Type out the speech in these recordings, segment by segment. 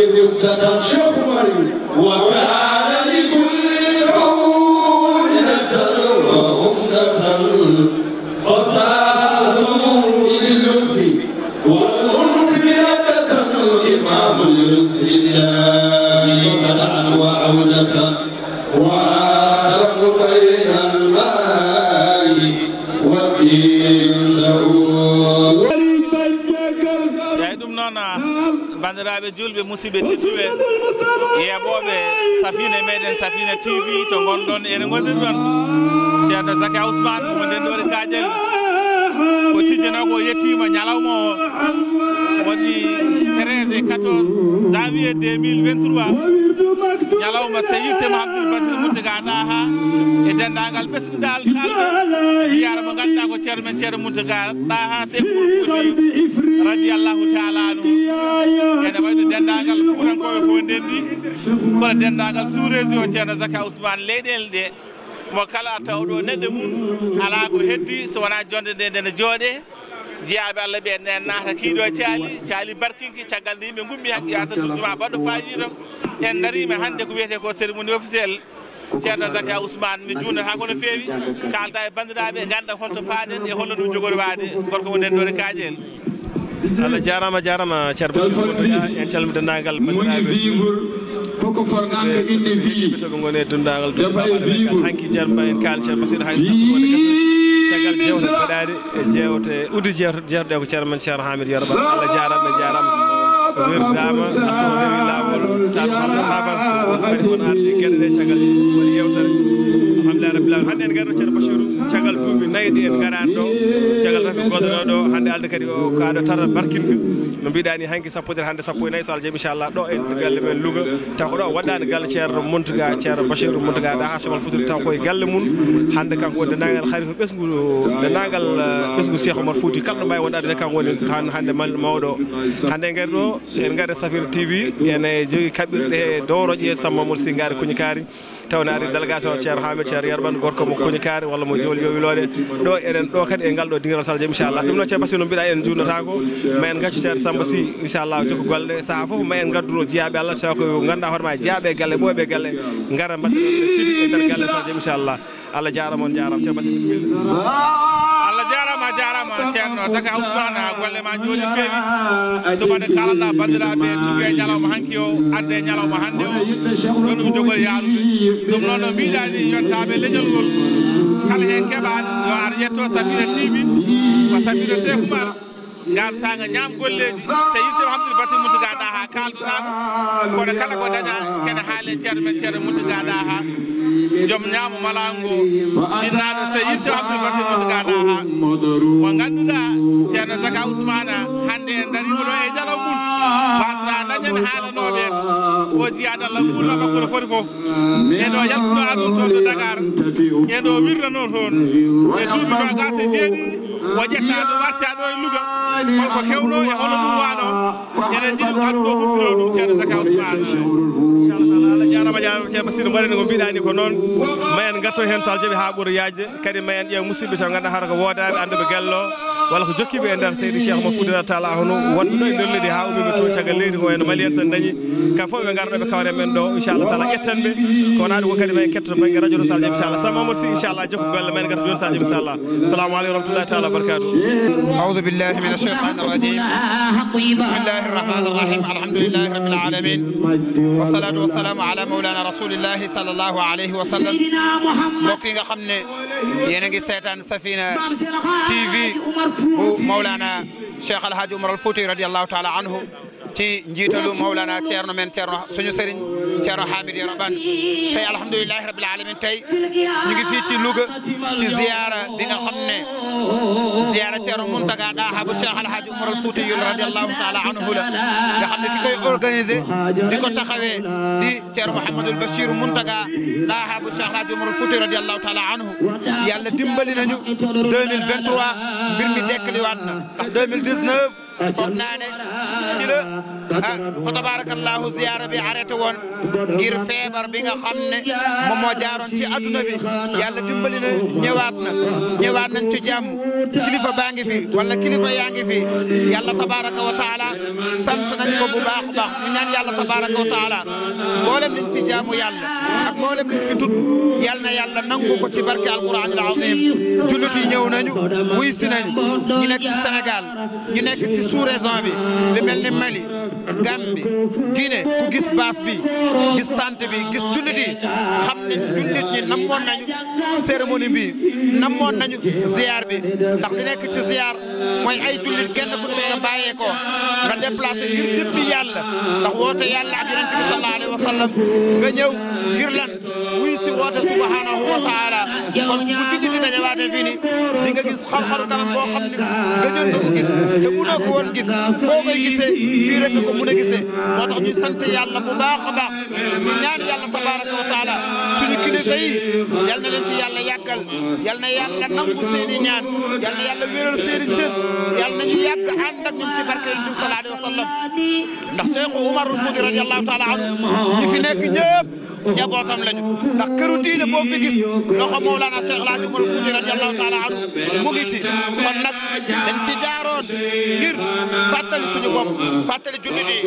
Wakazi ni ukata Shukumari Wakazi bandiraɓe musidɓe tedduɓe yeɓoɓe safine meɗen safine tv to gonɗon ene gondiri ɗon ceerno zaki ousmane mo ndenɗori kadjel ko tijjano ko yettima ñalawma o waɗi 13 et 14 janvier 2023 ñalawma seyi sema abdoulbasir moutagaɗa ha e dendagal ɓesɗudal siyara mo ganduɗa ko ceero men ceero moutagaɗa ha sefoi radiallahu taala nu ene wayno dendagal fuurankoɓe fo nden ndi kono dendagal suurejo o ceerno zaka ousmane leyɗele ɗe mo kala tawɗo neɗɗo mum ala ko heddi so wona jonde nde ndene jooɗe jeyaɓe allah ɓe nen naata kiiɗo caali caali barkinki caggal nde yimɓe gummi hak yaasa cuɗuma baɗɗo fayi tan en darima hannde ko wiyete ko cérémonie officiel ceerno zakia ousmane mi juundata kono feewi kalda e bandiraɓe e ganda holto paaɗen e holno ɗum jogori waade gorko mo nden ɗore kaƴel allah jarama jarama ceer mosiotoya en calmi dendagal ɓeɓe gone dendagal hanki jarmba en kal ceer mosiɗo hay caggal jewte baɗade e jewte udi jewteɗe ko ceermen ceer hamid yarba allah jarama e jarama wirdama asoowi lawol tan haɓa haɓas ɗ fayi on arde gueɗeɗe caggal woni yewtere alhamdulillah rabbil alamin hannde en gari ɗo ceerno bacheru caggal duuɓi nayi ɗi en ngaraani ɗo caggal rafi godano ɗo hannde alde kadi ko aɗo tar barkinka no mbiɗa ni hanki sappo e dir hannde sappo e nayyi so alah jeemi inchallah ɗo en galle men luga taw ko ɗo waɗɗaani galle ceerno montuga ceerno bacheru montuga ɗa ha somal fotori taw koye galle mum hannde kanko woni denagal haari ko ɓesgu denagal uh, ɓesgu cheikh omar fouti kala ɗo mbawi wonɗade de kanko woni han hannde malɗo mawɗo hannde en gari ɗo en gari safine tv ene jogui kaɓirɗe e dowroƴe sammamoudo si gari kuñi kaari taw ne ari délégation ceerno hamid ceer feere gorko mo koñi kaari walla mo jooli yowiloɗe ɗo eɗen ɗo kadi e ngal ɗo dingiral saldio inchallah ɗum noon ceerno basi no en juutnotako ma en gaccu ceerno samba sy inchallah jokku golle saaha foof dulu en gadduno jeeyaɓe allah tawa ko ganduɗa hoorema e jeeyaɓe e galle ɓooɓe e galle gara mbaɗɗe ciɗi e nder galle saldio inchallah allah jarama on jarama ceerno basi bisimilla jarama ceerno taka ousmane golle ma joni peewi tubade kalana bandiraɓe tugue ñalawma hanki o adde e ñalawma hande o ɗon ɗum jogori yaarude ɗum noon ɓe leñol ngol kala hen keɓaɗo yo ar yetto safira tibi ko safira sekoumara ngam sanga ñam golleji so yirtima hamdoul basir mutiga ɗaha kaldunaɗo kono kala ko daña kene haale ceerno men ceerno mutiga ha jom ñaamo malango jinnaɗo so yirtima hamdoul basir mutiga ha mo ganduɗa ceerno zaka Usmana hande en darima ɗo e jalawgol basra dañen haalanoɓe en o jiyaɗa allah gurnama kono foti foof eɗo yaltuɗo adun toon to dakar eɗo wirda noon toon e duuɓi nogas e jeeɗiɗi woƴetta ɗo warta ɗo e luga holko hewno e hono ɗum waɗo eɗen jiɗi adduɗo hurtunoo ɗum ceerno zaka usmanallah jarama jarama ceer musidɗo mbaɗeni ko mbiɗani ko noon ma en garto hen so al jaɓi ha ɓuuro yajde kadi ma en ƴeew musidɓe so ganduɗa hata ko woodaɓe andeɓe gello walla ko jokkiɓe e nder seydi cheikh mo fudira tala hono wonɓe ɗo e nder leydi ha umiɓe to caggal leydi ko wayno maliyen sen dañi kamɓe foof ɓe garɗoɓe kawre men ɗo inchallah sala ƴettanɓe konaɗu ko kadi ma en ketto to banggue radio ɗo sa jaɓi inchallah sa mamoudo si inchallah jokku golle ma en garto joni sa jaɓi inchallah salamu aleykum wa rahmatullahi taala وبركاته أعوذ بالله من الشيطان الرجيم بسم الله الرحمن الرحيم الحمد لله رب العالمين والصلاة والسلام على مولانا رسول الله صلى الله عليه وسلم mbokk yi nga xam سفينة تي في مولانا الشيخ الحاج عمر الفوتي رضي الله تعالى عنه. ci njiitalu Mawlana Thierno men Thierno suñu sëriñ Thierno Hamid Yoroban tey alhamdulilahi rabil alamin tey ñu ngi fii ci Louga ci ziyaara bi nga xam ne ziyaara Thierno Mountaga Daha bu Cheikh Alhaji Umar al Fouti yul radiallahu taala anhu la nga xam ne ki koy organisé di ko taxawee di Thierno Mouhamadul Bachir Mountaga Daha bu Cheikh Alhaji Umar al Fouti radiallahu taala anhu yàlla dimbali nañu 2023 mbir mi dekkaliwaat na ndax 2019我奶奶知道。Ah, fa tabaarakallaahu ziyaara bi arrêté woon ngir feebar bi nga xam ne moom moo jaaroon ci adduna bi yàlla dimbali na ñëwaat na ñëwaat nañ ci jàmm kilifa baa ngi fi wala kilifa yaa ngi fi yàlla tabaaraka wa sant nañ ko bu baax a baax ñu ñaan yàlla tabaaraka wa mboolem liñ fi jaamu yàlla mboolem liñ fi tudd yal na yàlla nangu ko ci barke alquran al azim jullit wuy si nañu ñu ci Sénégal ñu nekk ci sous bi lu mel ni Mali Gàmbi Guinée ku gis baas bi gis tànt bi gis jullit yi xam ne jullit ñi namoon nañu cérémonie bi namoon nañu ziar bi ndax di nekk ci ziar mooy ay jullit kenn ku nekk nga bàyyee ko nga déplacé ngir jëmmi yàlla ndax woote yàlla ak yonent bi sallallahu alayhi wa nga ñëw. girlan lan wuy si woote subhanahu wa taala kon bu julli di dajawaate fii ni di nga gis xam-xam kanam bo xam ni gëjoon do gis te mënoo ko won gis fo koy gisee fi rek ko mu ne gisee moo tax ñu sante yàlla bu baax a baax ñu ñaan yàlla tabaaraku wa taala suñu kilifa yi yalla na leen fi yàlla yàggal yalla na yàlla nangu seeni ñaan yalla yàlla wéral seeni i cër yal na ñu yàgg ànd ak ñun ci barke yonent bi sallallahu alayhi wa sallam ndax Cheikh Oumar Foutiyou radiyallahu taala anhu ñi fi nekk ñëpp جابوتام لنج نكروتي نبوم في جس نخمو لنا شغلة جمل فجر رضي الله تعالى عنه مغيتي فنك انفجارون غير فاتل سنوام فاتل جنيدي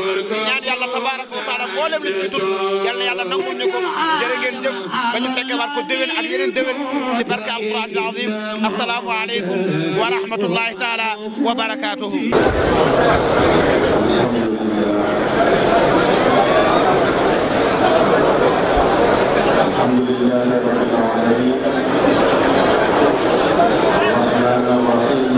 نياني الله تبارك وتعالى مولم لتفتو يالنا يالا نقول نقول جرغن جم بني فكا باركو دوين عدين دوين تبارك القرآن العظيم السلام عليكم ورحمة الله تعالى وبركاته Thank you. Alhamdulillah, ya Rabbil Alamin. Wassalamualaikum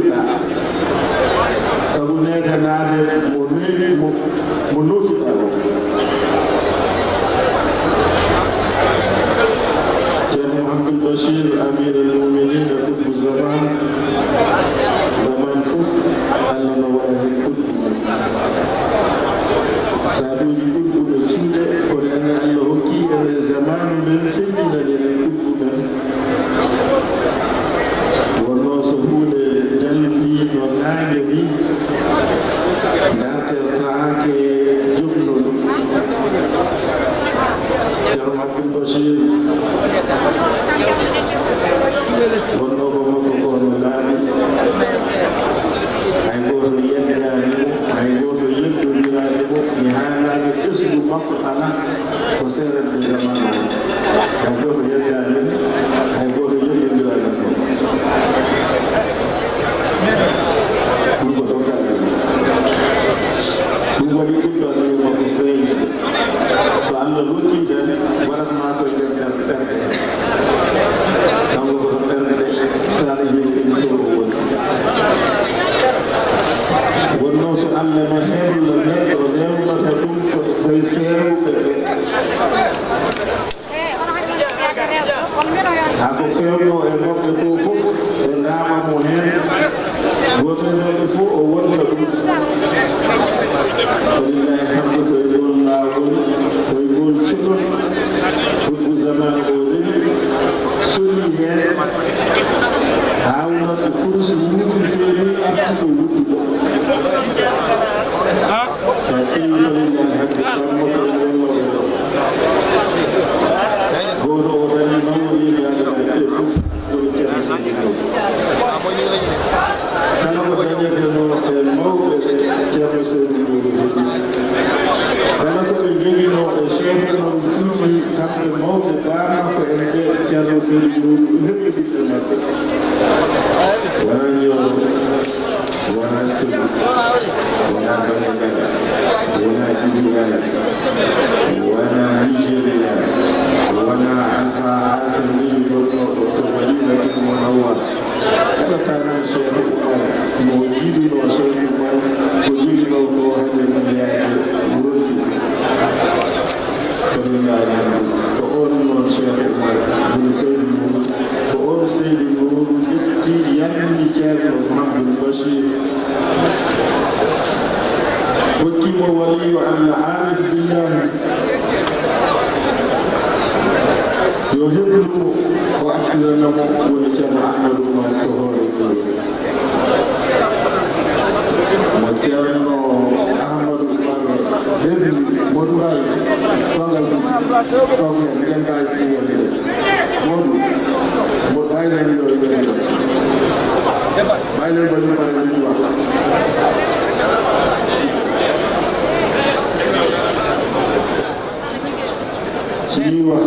nutuɗa sabu nede naade mo amir al zaman sëriñ bi Modou Mbaye toogal tuuti toog ngeen di ngeen bàyyi suñu yoon di def Modou Modou bàyyi leen yooyu ngeen di def bàyyi leen ba ñu pare li ñu wax. suñuy wax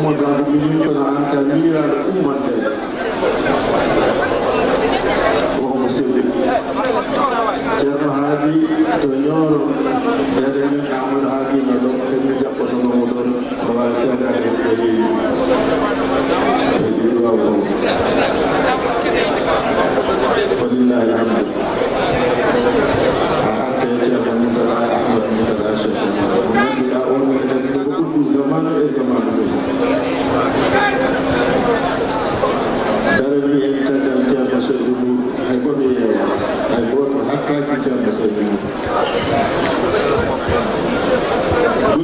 umma gaadu minin kono an ka miiraaɗo ummanteede wokomo sirri ceerno haadi to ñooro dede min amadou haadino ɗo kañum jaɓɓotonomo ɗon o wawi seedaade hen ko yeewi ko yeewi wawo walillahi alhamdu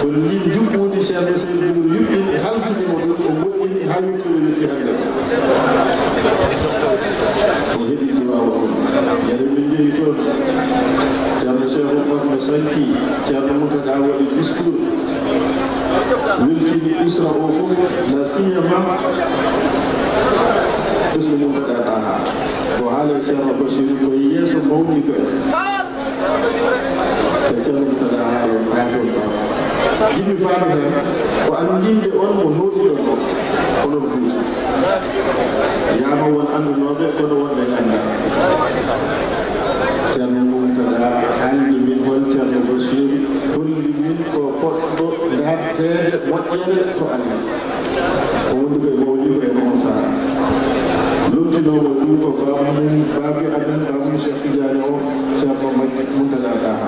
kono ndin jubbo woni ceerno seydour yuɓɓini halfudemo ɗum o moƴƴini ha yettude yetti hande o heeɓi duwawa ɗum yade min jeeyi toon ceerno cheikh oumar no sanki ceerno mukada waɗi discours weltini usra o fof la siyama ismu mukada ɗaha ko haala ceerno basiru koye yeeso mawni ko en naati on ɗon jiɗmi faamude ko anndinde on mo nootiɗon o onon fuuji yama won anndunoɓe kono wonɓe annda ceerno mumtada anndi min won ceerno bosir holli min ko poɗɗo dartede moƴƴere to allah ko wonduko e mawligo e on saha lumtinomo ɗum ko baba mum baabi amen baba mum cheikh tidiane o ceerno mumtada daha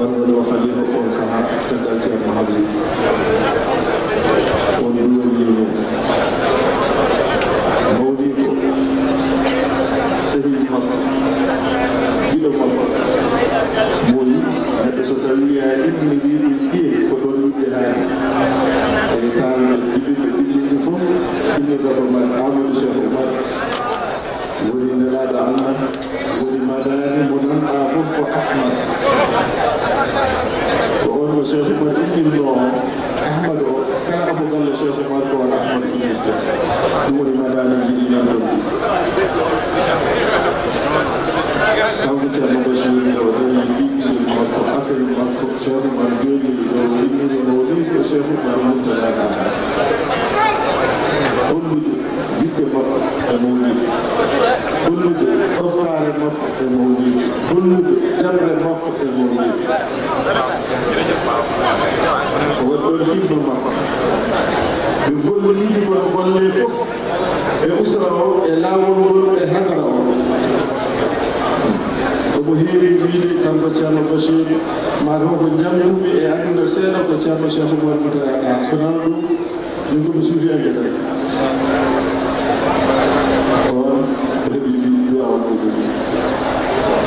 ولن يخلفكم سماء تكلت المهدي ɓe gollonidi kono golle fof e usra o e laawol ngol e hadara o omo heewi wiide kanko ceerno bachir mat hoko jamdumi e adduna seeɗa ko ceerno cheikh omar bouta aa sonan ɗum jogo mi suufi agere on o heɓi ɗi duwa o ɗuɗumi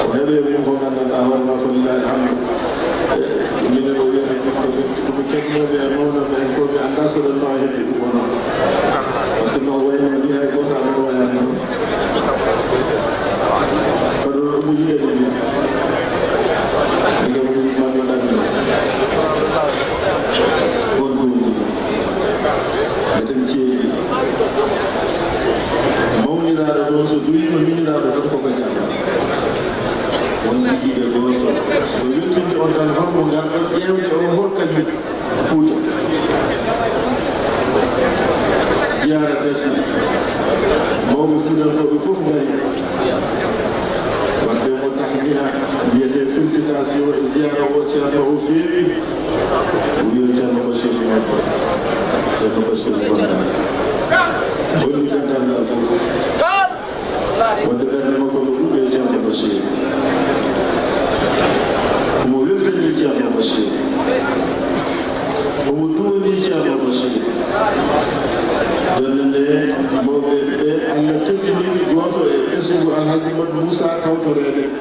o heɓe mum ko ngandanɗa hoorema fallillah alhamdulillah الذين يرمون فيكون عن رسول الله يحبون وسمى وين بها يكون عن وين فالربوبية mawniraaɗo ɗo so duwima miñiraaɗo tan koko jaɓa won liggiɓe gooto so wettinde on tan holmo ngarɗon ƴeewde o hol kañum Fuuta ziyaara gasi mawɓe fuutankoɓe fof ngari wonde mo tahdiha mbiyete félicitation e ziyaara o ceerno o feewi o wiyo ceerno bachir gonɗo ceerno bachir gonɗa holli ɗen dardal fof wonde ɓernde makko no ɗuɗɗo e ceerno bachir omo weltanni ceerno bachir haji Modou Moussa Kawtoré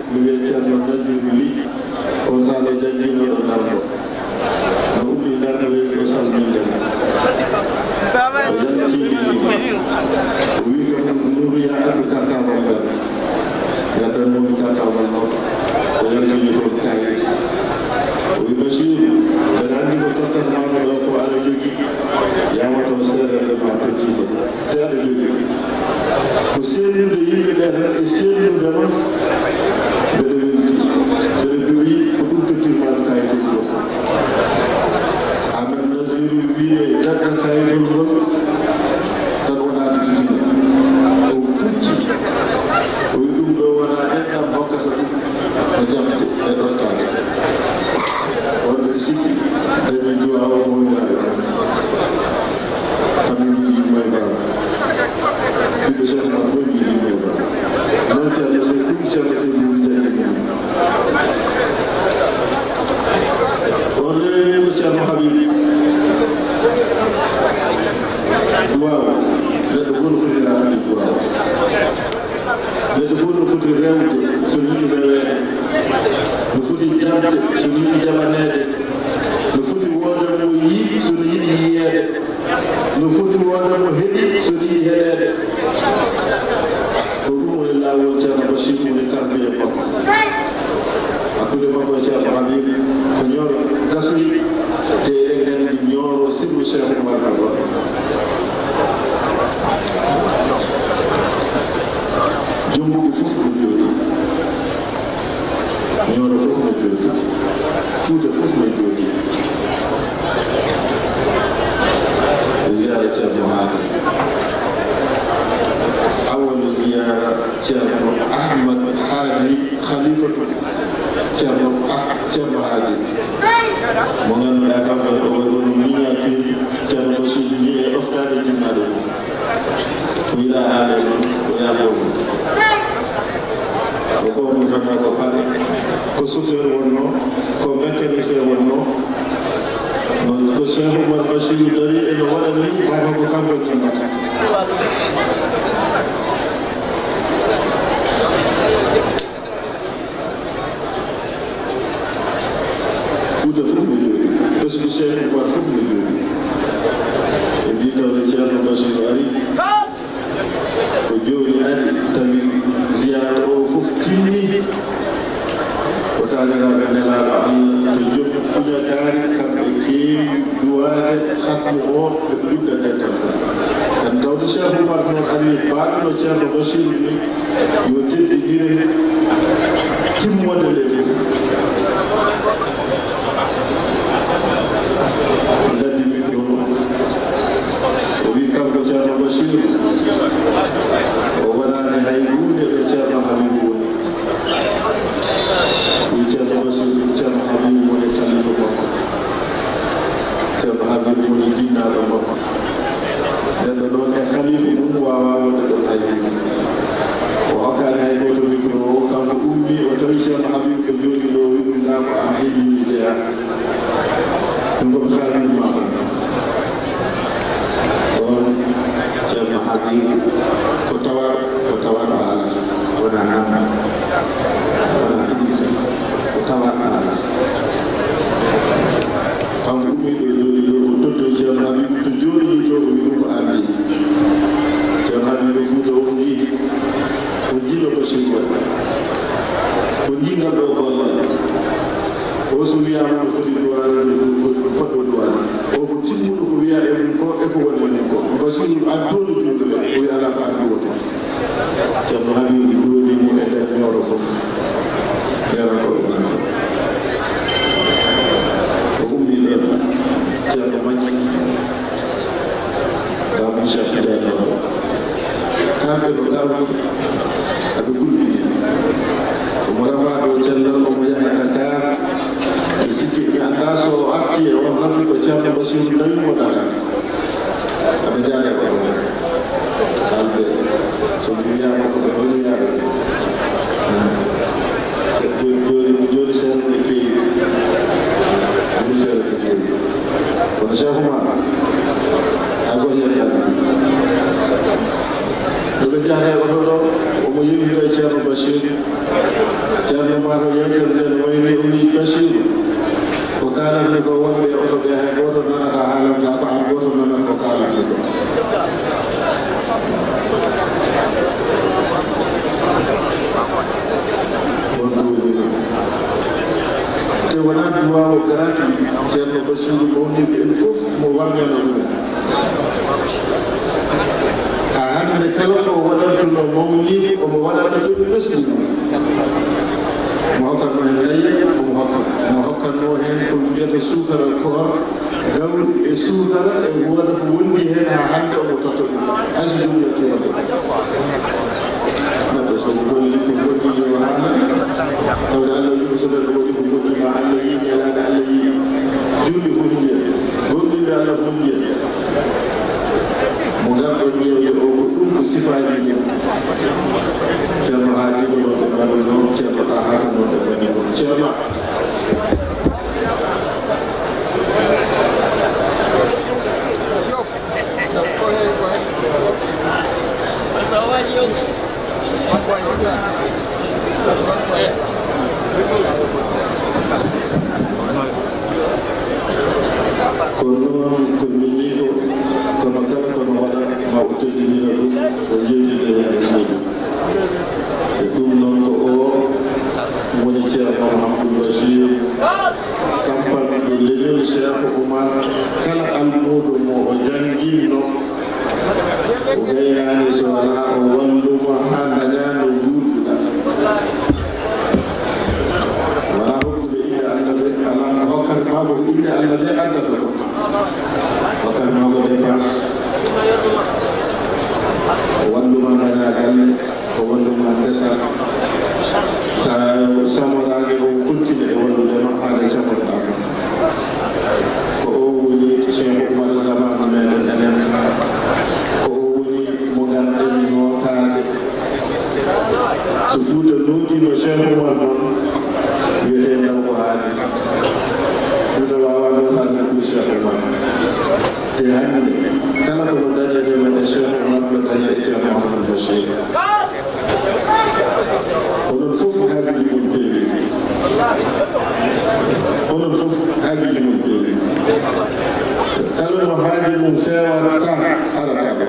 موسى المهاجر مساواة أركب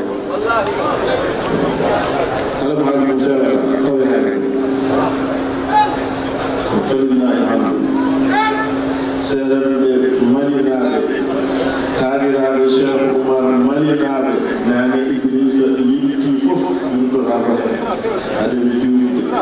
المهاجر مساواة قوي فلله الحمد سلام ملناك تاريخ الشيخ عمر ملناك نانا إبليس يمكي فوف يمكي رابع هذا بجوم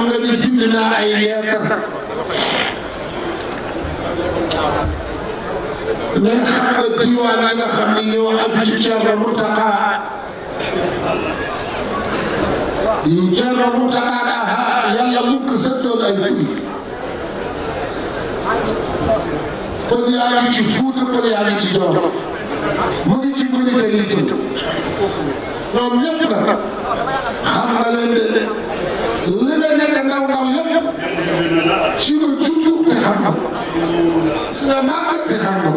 النبي bind naa ay leetar mais xam nga diwaan yi nga xam ne ñoo am ci Thierno Mountakha yi Thierno Mountakha daa yàlla mu ko sëddoon ay tur kon yaa ngi ci Fuuta kon yaa ngi ci Jolof mu ngi ci Mauritanie ñoom ñëpp la xam nga leen de li nga nekk ndaw ndaw yëpp si nga juddu te xam nga si nga màgg te xam nga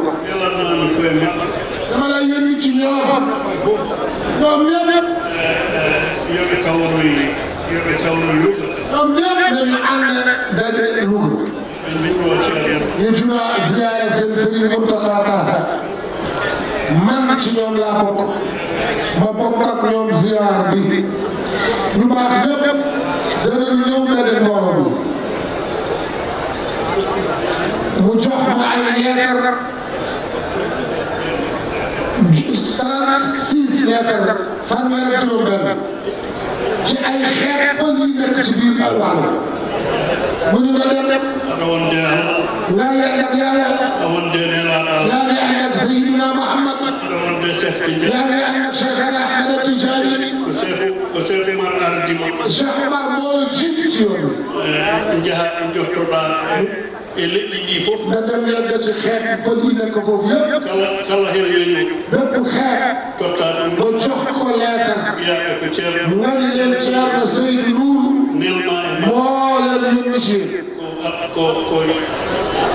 dama lay yónni ci ñoom ñoom ñëpp ñoom ñëpp dañu ànd daje Louga ñu juna ziyaare seen sëriñ Mountakha Taha man ci ñoom laa bokk ma bokk ak ñoom ziyaar bi ñu baax ñëpp جنرال اليوم لدى المغربي مجحد على ياتر استراك سيس ياتر فنوير كيلومتر ci ay xeet pël yi nekk ci biir alwaan bu ñu ko dem nga yàlla yàlla yaa ngi ànd ak Seydina Mouhamad yaa ngi ànd ak Cheikhana Ahmed Tijani sehemar ardimo sehemar mo jittiyon jaha jottoɗa e leɗɗi ɗi fof dadam yeddete xeet goɗɗine ko fof yëpp kala kala hen yeño bépp xeet totta ɗum o jox ko leetar mbiyaɓe ko ceerno ngani leen ceerno seydi nuur nelma moolen yonnitin ko ko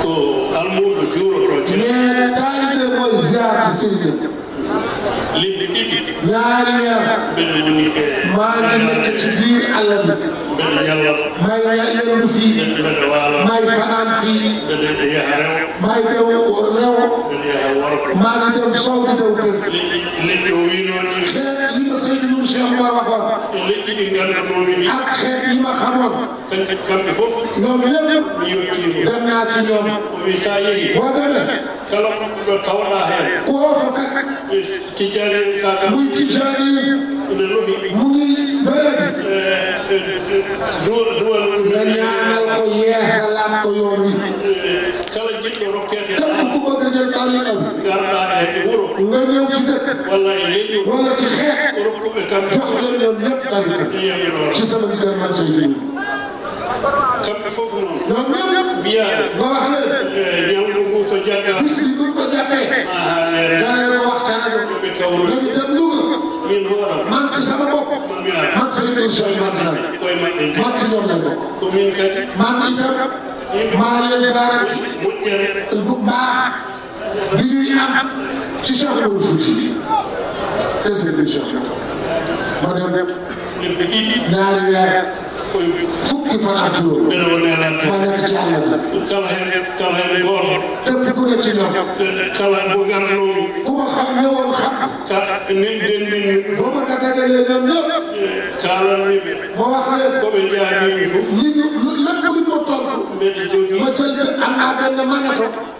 ko almuɗo juuroto ne taaliɓe koye ziar si seydi limɗi جارية ما عندك تدير على بي ما يلبسي ما يفنانسي ما يدو ورنو ما ندم صوت دوتر خير لما سيد نور شيخ مرحبا حق خير لما خمر نوم يوم دمنا تنوم ودمنا Kalau ko ɗo tawɗa hen goto jàppee bis bi buñ ko jàppee. danañ ah, la wax ca rajo. dañu dem Louga. man ci sama bopp. man sëñ bi incha allah man ci ñoom lañ bokk. man itam maa leen garanti bu baax bi ñuy am ci Cheikh Oumar Fouti. est ce que ñaari weer. fukki fan ak juróom moo nekk ci àll bi képp ku ne ci ñoom ku ma xam ñëwoon xam ba ma ka dagalee ñoom ñëpp ma wax leen li ñu lépp lu ma tontu ma jël am naa benn manato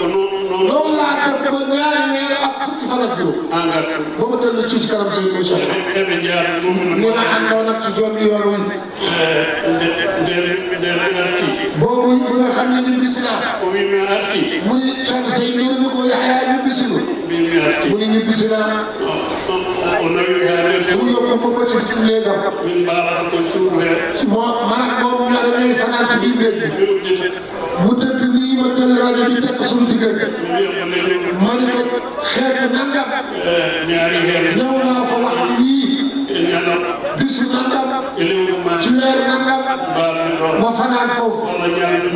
loolu laa def ba ñaari weer ak fukki fan ak juróom. ba ma dellu ci kanam si biir soxla. ñu ne àndoon ak si doon yoon wi. boobu bi nga xam ne ñu bis naa. mu ni soxna say ñëw ñu ko yaxyaa ñu bis na. mu ni ñu bis naa. mu yóbbu ba ci néegam. moo man ak moom ñaar ñuy fanaan ci biir néeg bi. rajo bi tekk suñu diggante ma ne ko xeetu nangam ñëw naa fa wax lii bisu nangam ci weer nangam ma fanaan foofu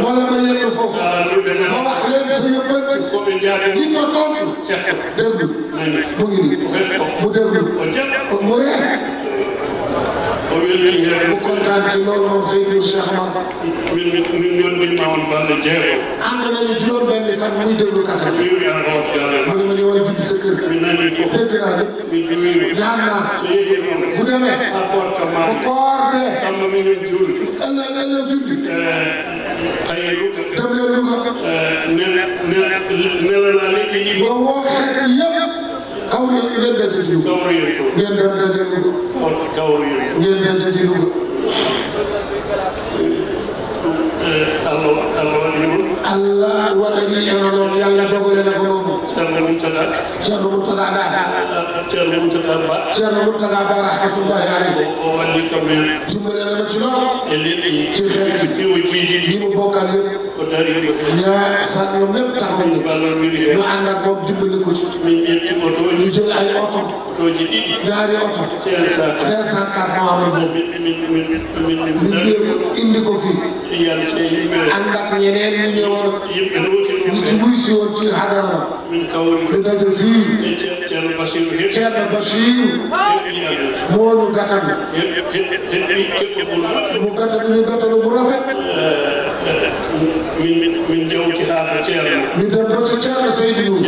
wala ma yenn foofu ma wax leen sa yëppante li ma tontu dégg mu ngi nii mu dégg mu ree bu kontaan ci loolu moom Seydou Cheikh Mar. min min min yoon bi ñu amoon ban jeexee. ànd nañu juróom benni fan muy déglu kasa. mu ne ma ñu war a judd sa kër. dégg naa de. ñaan naa. bu demee. bu koor dee. ëllëg ëllëg julli. dem leen Louga. nee na nee na nee na naa ne li ñuy. boo woo xeet yëpp. kawri ngeen denteji ɗum ngeen dendete ɗum ngeen denteti ɗum allah allah waɗi ɗum allah waɗani en ɗon yo allah dogolene ko noon ceerno murtada ceerno murtada da ceerno murtada ba ceerno murtada ba rahmatullahi aleyh o walli kamɓe jumbonenema cilon e leɗɗi ci xeeti ɗimo jiijiɗi yimo bokkal yëpp ko dari ña sat ñoom lépp taxawni ñu àndat moom jumbali ko ci min ƴetti oto ñu jël ay oto otoji ɗiɗi ñaari oto cinq cent quatre mo amal bo min indi ko fii andat ñeneen ñu ñëw دور مجموسي وجه حضارة من كون من دفين كان بشير مولو قتل مقتل من قتل مرافق من من جوتي هذا شارع من دبوش شارع سيد نور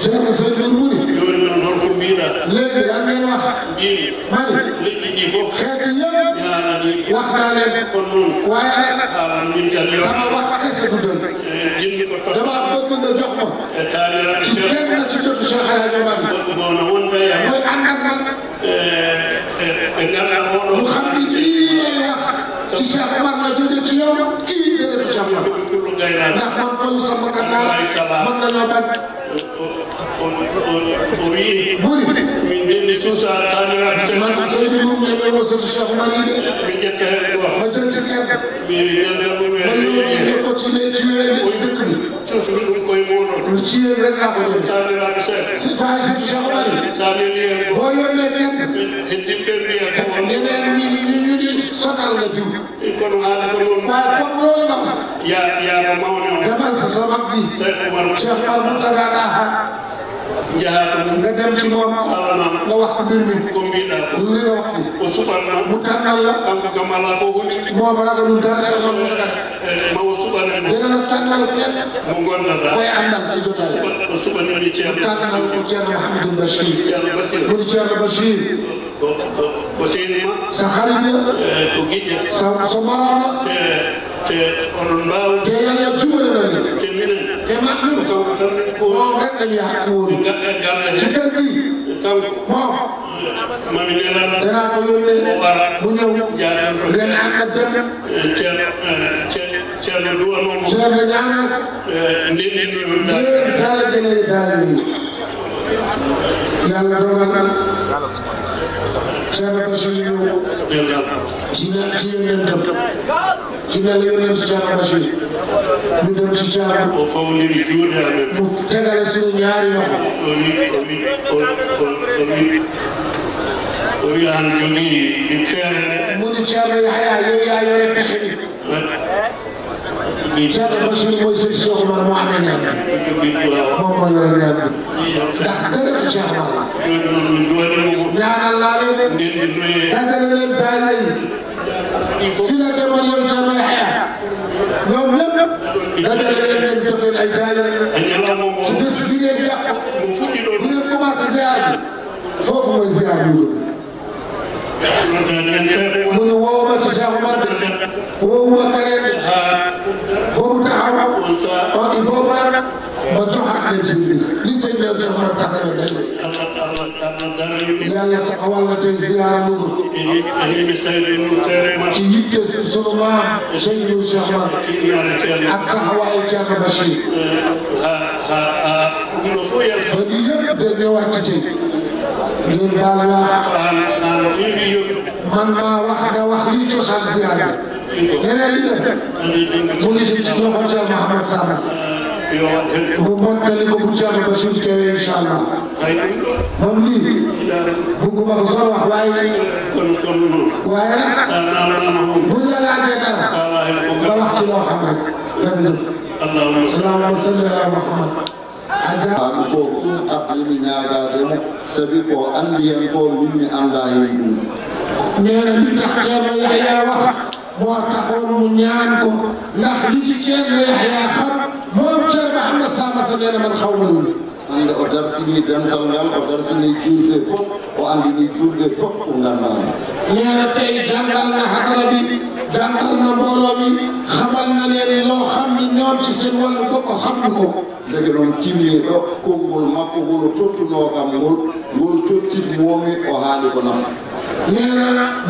شارع سيد نور mbiɗa leydi tan ɓen waha mani liɗɗiɗi fof heedi yem wahdale ko noon wayane sama waha hesatudon dema bokkude joxma ci kenna ci jottu cheikh alhaji omar moy andal man mu xam ni lii lay wax ci cheikh omar la jóge ci yow kii dérëtu cheikh omar ndax man toll sama kàllaama mën nañoo bañ. buri. man Seydou Diouf ñoo doon wasatu Cheikh Mali de. ma jël ci kenn. ma ñëw ñëpp ci léegi ci weer bi dëkk bi. Lucien rek laa ko jëlee. si taay si Cheikh Omar. boo yónnee kenn. ñeneen ñi ñi ñu di sotal nga jiw. waaye comme loolu nga fa. demal sa sa mag bi. Cheikh Omar Moutaga Daha. jahatum nga dem ci mom alana nga wax ko bir mi ko mi da ko li nga wax ni ko subhana mu tanal la am ko mala ko ko ni mo ma la dul dara sa ko ma wa subhana dina la tanal mo ngon da da koy andal ci jotal subhana ni ci tanal ko ci Muhammadul Bashir ko ci Bashir ko seni ma sa xarit ko gidde sa sa marana te te onon bawo te yalla jubale na te minen te ma ko ko Jangan en yakkude seetlu ko si ñu ci ña ci yónneentam ci mel yónneen ci Thierno Bachir ñu dem ci Thierno mu tegale suñu ñaari loxo mu ni Thierno Yaxya yow yaa yore pexe bi Siapa muslim-muslim suruh bermuaman yang Mampu yurhinan Dakhtar Syekh Marah Jangan Allah ini Kadar ini dalil Sila teman yang sama ya Yom lem Kadar ini yang tufin ay dalil Sebesar dia dia Dia kumasa ziar Fofu ziar dulu mun woma ci cheikh omar de woma kareɓe homo tahaw o ɗi bobra o johat ɓe sirri ɗi señɗe cheikh omar tahawa dayo yalla taka wallate ziyara ndugo ci yitte sunu mam seydou cheikh omar ak tahawaye ceerno bachir to ɗi yëpp de ñowattite يبقى الله منا وحده وحدي تشعر زيادة هنا لدس مولي جيت لو فجر محمد سامس ومن كلي كبجان بشول كوي إن شاء الله همدي بوكو بخصر وحواي وهنا بولا لا تكرا بوحتي لو حمد اللهم صل على محمد ko ɗum addini ñagadema saabi ko andiyen ko min mi anda hen ɗum nene mi tax ceerno yahya wax moo taxoon mu ñaan ko ndax li ci ceerno yahya xam moom ceerno mahamad sallasa nena man xawma loolu hande o darsini dental ngal o darsini julɓe fof o andini julɓe fof ko gandani neena tawi dangal na hadara ɗi dangal na mbooloɓi haɓalnanen lo hamɓe ñoomti sen walla goɗɗo hamɓi ko dege noon timmi ɗo konngol makko ngol o tottunokam ngol ngol tottitmomi o haali ko nafa nee na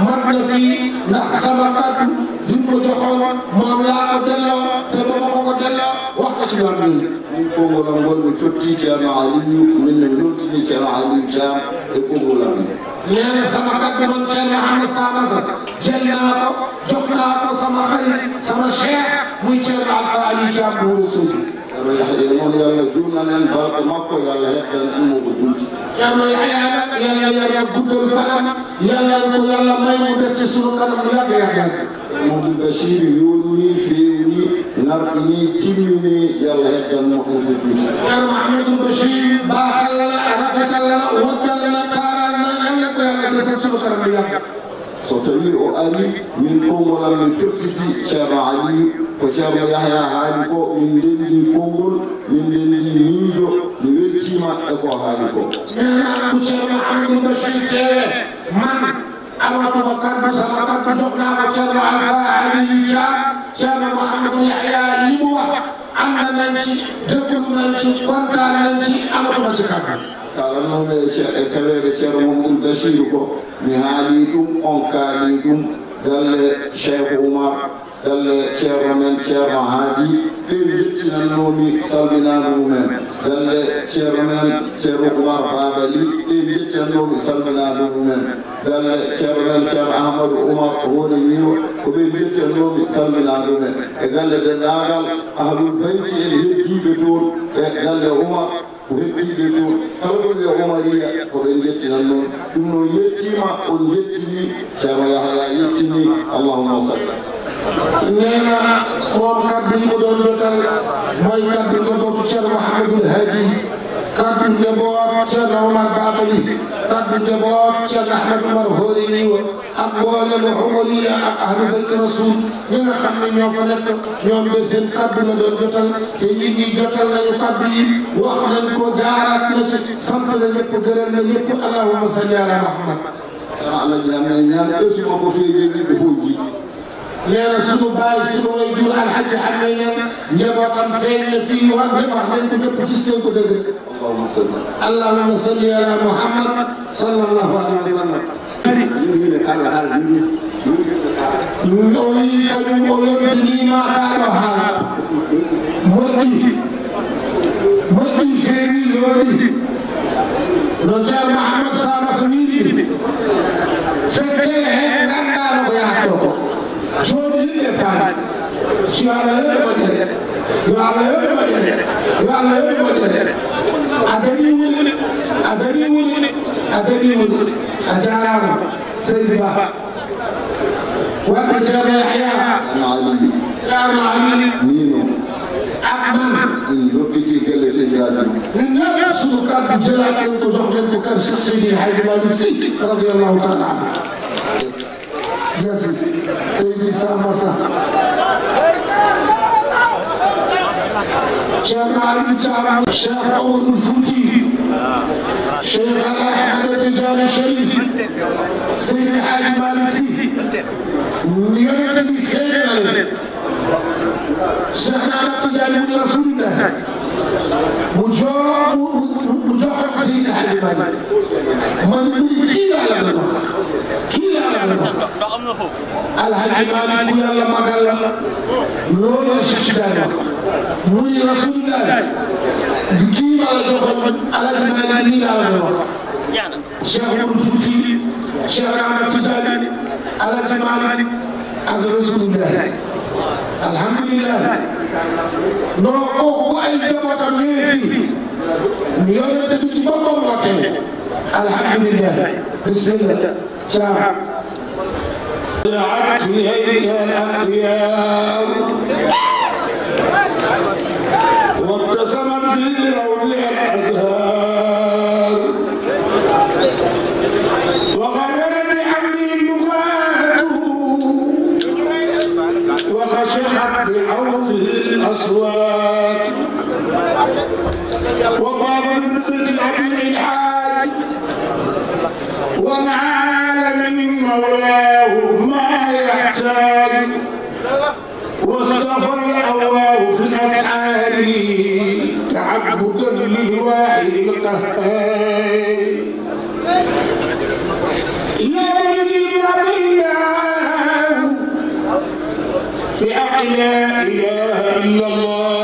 mat na fii ndax sama kàddu bi mu ko joxoon moom laa ko delloo te ba ma ko ko delloo wax ko ci yoon bi. ni Kogolam wala cotti Ceerno Aliyu mel ne lottini Ceerno Aliyu Caam te Kogolam la. nee na sama kàddu man Ceerno Ahmed Samassa jël naa ko jox naa ko sama xarit sama cheikh muy Ceerno Aliyu Caam bu wóor yéen yàlla jur na leen bal ko mag ko yàlla yàq leen moo ko jur. Thierno Yaya nag yàlla yàlla guddal fanam yàlla ko yàlla may mu des ci sunu kanam yàgg yàgg yàgg. Mamadou Bachir yónni fii nii nar nii timmi nii yàlla yàq leen moo ko jur. Thierno Amadou Bachir baaxal la rafetal la wottal la taaral na yàlla ko yàlla desal sunu kanam yàgg. سوتوي او ari min konngol amin cottiti ceerno aliyu ko ceerno yahya haali ko min ndenndi konngol min ndenndi miijo mi weltima e ko haali ko nenaa ko ceerno amadou bachir tewe man awatomo kalbi sama kalbi joxnaama ceerno alfa aliyu thiam ceerno mouhamadou yahya yimo wax annda nan ci déglu nan ci kontaan nan ci amatuma ci kalbi kalannoɓe e taweɓe ceerno mamadou basiru ko mi haali ɗum on kaali ɗum galle cheikh oumar galle ceerno men ceerno haadi ɓe jettinannomi salminago mumen galle ceerno men ceerno oumar babali ɓe jettinannomi salminago mumen galle ceerno men ceerno ahmadou oumar woni wiro ko ɓe jettinannomi salminago men e galle dendagal ahlul bayti en heddiɓe toon e galle oumar ko hebbiniɓe to kala gonɓe omariya koɓe jettinan noon ɗum noon yettima on yettini ceerno yahaya yettini allahuma salli neena on kaddu ko ɗon jotal moye kaddu ko boto ceerno mouhamadoul hadi kaddu njaboot Cheikh Omar Ba Atali kaddu njaboot Cheikh Ahmed Omar Horini wa ak mboolem Omariya ak ahlu bayt rasul ñi nga xam ne ñoo fa nekk ñoom de seen kaddu la doon jotal te nit ñi jotal nañu kaddu yi wax nañ ko jaaraat na ci sant na ñëpp gërëm na ñëpp allahumma salli ala Muhammad. Yàlla jàmm ñaan bésuma ko fee jóge nee na sunu baay sunu way jur alxaji xam nañ leen njabootam feeñ na fii wax ñëpp wax nañ ko ñëpp gis nañ ko dëgg allahuma salli ala muhammad sallallahu alayhi wa sallam oyi kañum o yontinima kaɗo haala moƴƴi moƴƴi feewi yooɗi no ceer mahamad samas wiɗi fekke hen gandano ko yahatto ko jadi. Yes, sir. لسان مصر الشيخ أحمد التجاري الشريف سيد الحاج مالكسي ويرد بخير سيدنا التجاري من رسول الله مجرد سيد أحمد مالك من كلا لنا كلا لنا على هالعباد ويا الله ما قال لولا شكدان وي رسول الله بكيم على دخل على المال مين على الله شيخ الفوتي شيخ أحمد تجاني على المال على الله الحمد لله non kooku bu ay njabootam ñëwee fii yonente bi ci boppam moo tey alhamdulilah bismillah caam طلعت إليك الأقيام وابتسمت في لونها الأزهار وغير بحمد لغاته وخشعت الأصوات وفاضل من بيت الأمير الحاج ونعال من مولاه ما يحتاج واصطفى الله في الأفعال تعبدا للواحد القهار يا ولد الذين لا إله إلا الله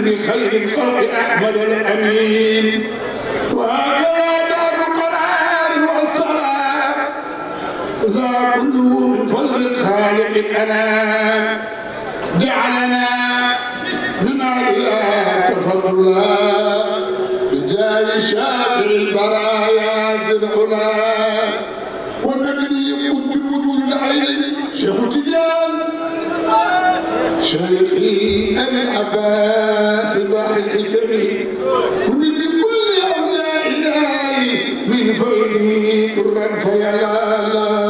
كل خير الخلق احمد الامين وهكذا دار القران والصلاه ذا كله من فضل الخالق الانام جعلنا بما تفضل الله بجاه شاء ابن عباس باح الحكم كل بكل أولياء إلهي من فيدي قرا فيا لا لا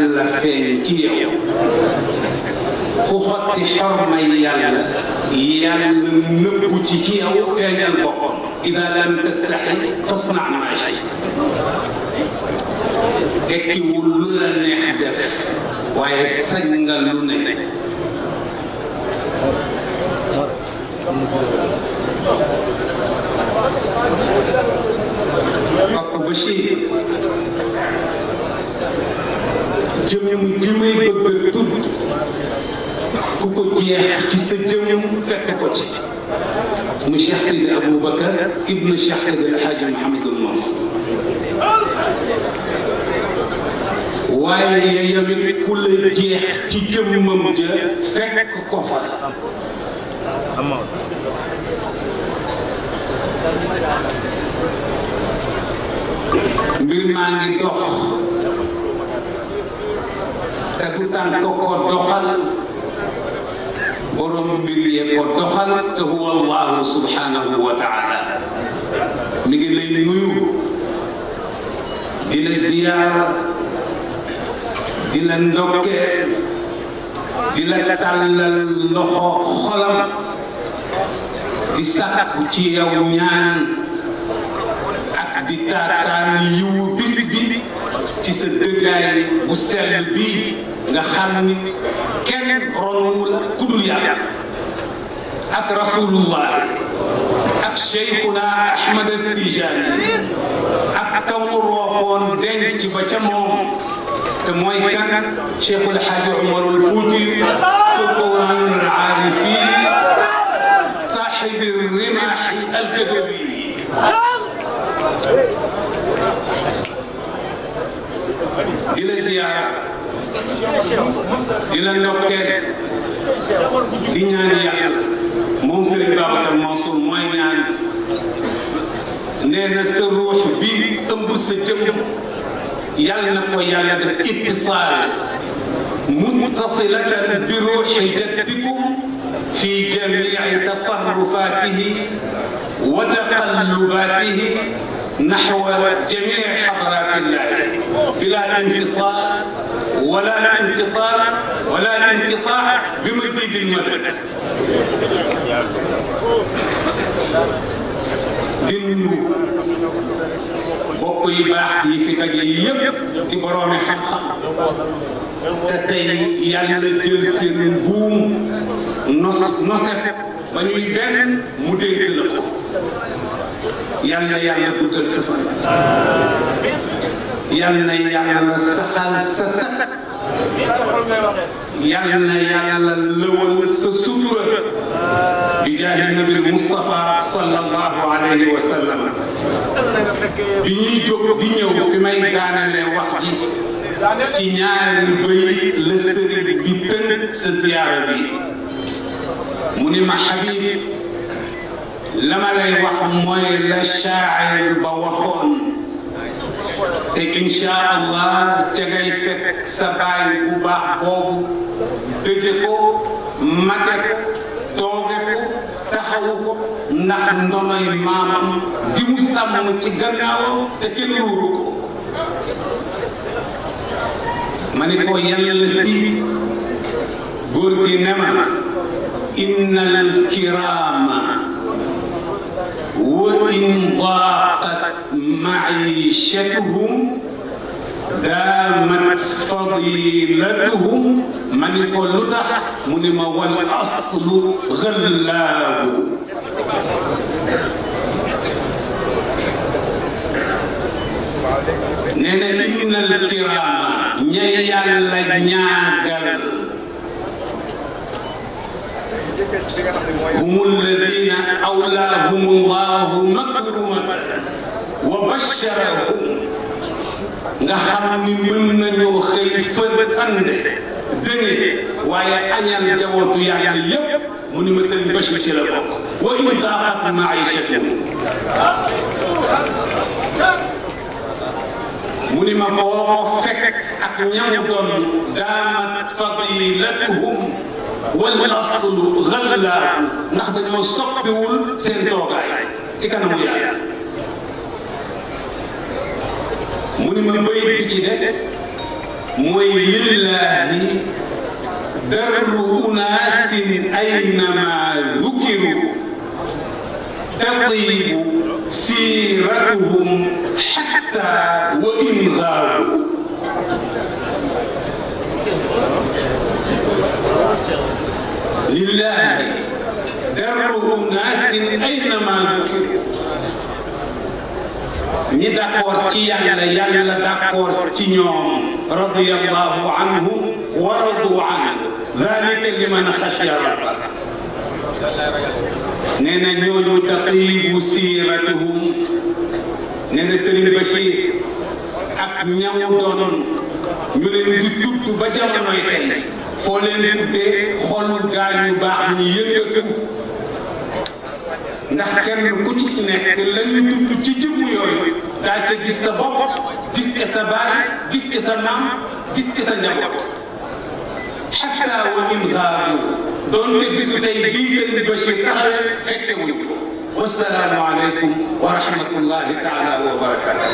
yàlla feeñ ci yow ku xotti xormay yàlla yàlla nëbbu ci ci yow feeñal boppam ida lam tastaxi fasna ma chait tekkiwul lu la neex def waaye sañ nga lu ne Papa Bachir jëm ji may bëgg a tudd ku ko jeex ci sa jëm fekk ko ci mu Cheikh Seydi Aboubacar ibnu Cheikh Seydi El Hadj Mouhamadul Mansour waaye yow it ku la jeex ci jëmmam ja fekk ko fa mbir maa ngi dox te du tànk koo doxal borom mbir yee ko doxal te huwa allahu subhanahu wa taala mi ngi lay di la ziyaara di la ndokkee di la tàllal loxo xolam di sàkku ci yow ñaan ak di taataan yiwu bi ci sa dëggaay bu bii nga xam ni kenn ronuwu la kudul yàlla ak rasulullah ak cheikhuna ahmad tijani ak kamu roofoon denc ba ca moom te mooy kan cheikhul xaaji umarul fuuti sultanul aarifin صاحب الرماح البدوي إلى زيارة di la ndokkeel di ñaan yàlla moom Serigne Babacar Mansour mooy ñaan nee na sa ruux bi ëmb sa jëm yàlla na ko yàlla def ittisaal muttasilatan bi ruuxi jaddikum fi jamii tasarrufaatihi wa taqallubaatihi نحو جميع حضرات الله بلا انفصال ولا الانقطاع ولا الانقطاع بمزيد المدد دين بوكوي باخ دي في تاجي ييب دي بروم خام خام تاتاي يالا جيل سين بوم نوس نوس با نوي بن مو دنت لاكو يالا يالا بوتل سفر يالا يالا سخال سسخ يلا يلا لول سسوتور بجاه النبي المصطفى صلى الله عليه وسلم بني جوك دينيو في مين دانا لوحدي تنيان بي لسر بيتن سزيارة بي مني ما حبيب لما لي وحموي لشاعر بوخون te incha allah ca ngay fekk sa baay bu baax boobu dëje ko mate ko maamam di mu sàmm ci gannaaw te kenn ruuru ko la si góor ne ma innal kiraama وإن ضاقت معيشتهم دامت فضيلتهم من يقول لتح من ما والأصل غلاب نينا إن الكرام نيا يالا نياغل هم الذين أولاهم الله مكرما وبشرهم نحن من من يخيف الفند دني ويا أن يجوت يعني يب من مثل بشر شلبك وإن ضاقت معيشتهم muni ma fo wo fek ak ñam doon dama fadilatuhum والاصل غلا نحن نوثق بيقول سين توقع تكن مليا من من بيت لله در اناس اينما ذكروا تطيب سيرتهم حتى وان غابوا لله دعوا الناس أينما ني داكور تي يالا يالا داكور تي رضي الله عنه ورضوا عنه ذلك لمن خشي ربه نينا نيو تطيب سيرتهم نينا سيرين بشير اك نيامو دون نولين دي توت با جامونو foo leen te xolul gaa yu baax ñi yëngatu ndax kenn ku ci nekk lañu tudd ci jëmm yooyu daa ca gis sa bopp gis ca sa baay gis ca sa maam gis ca sa njaboot xatta wa in gaabu doonte bisu tey bii sëriñ Bachir taxaw fekke wuñ ko wasalaamu aleykum wa rahmatullahi taala wa barakatu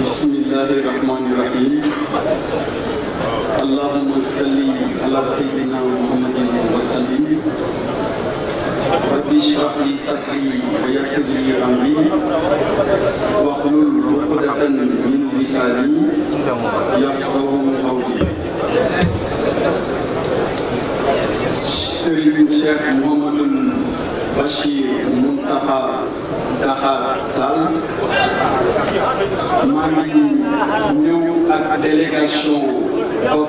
بسم الله الرحمن الرحيم اللهم صل على سيدنا محمد وسلم رب اشرح لي صدري ويسر لي امري واحلل عقدة من لساني يفقه قولي Sëriñ Cheikh Mouhamadoul Bachir délégation au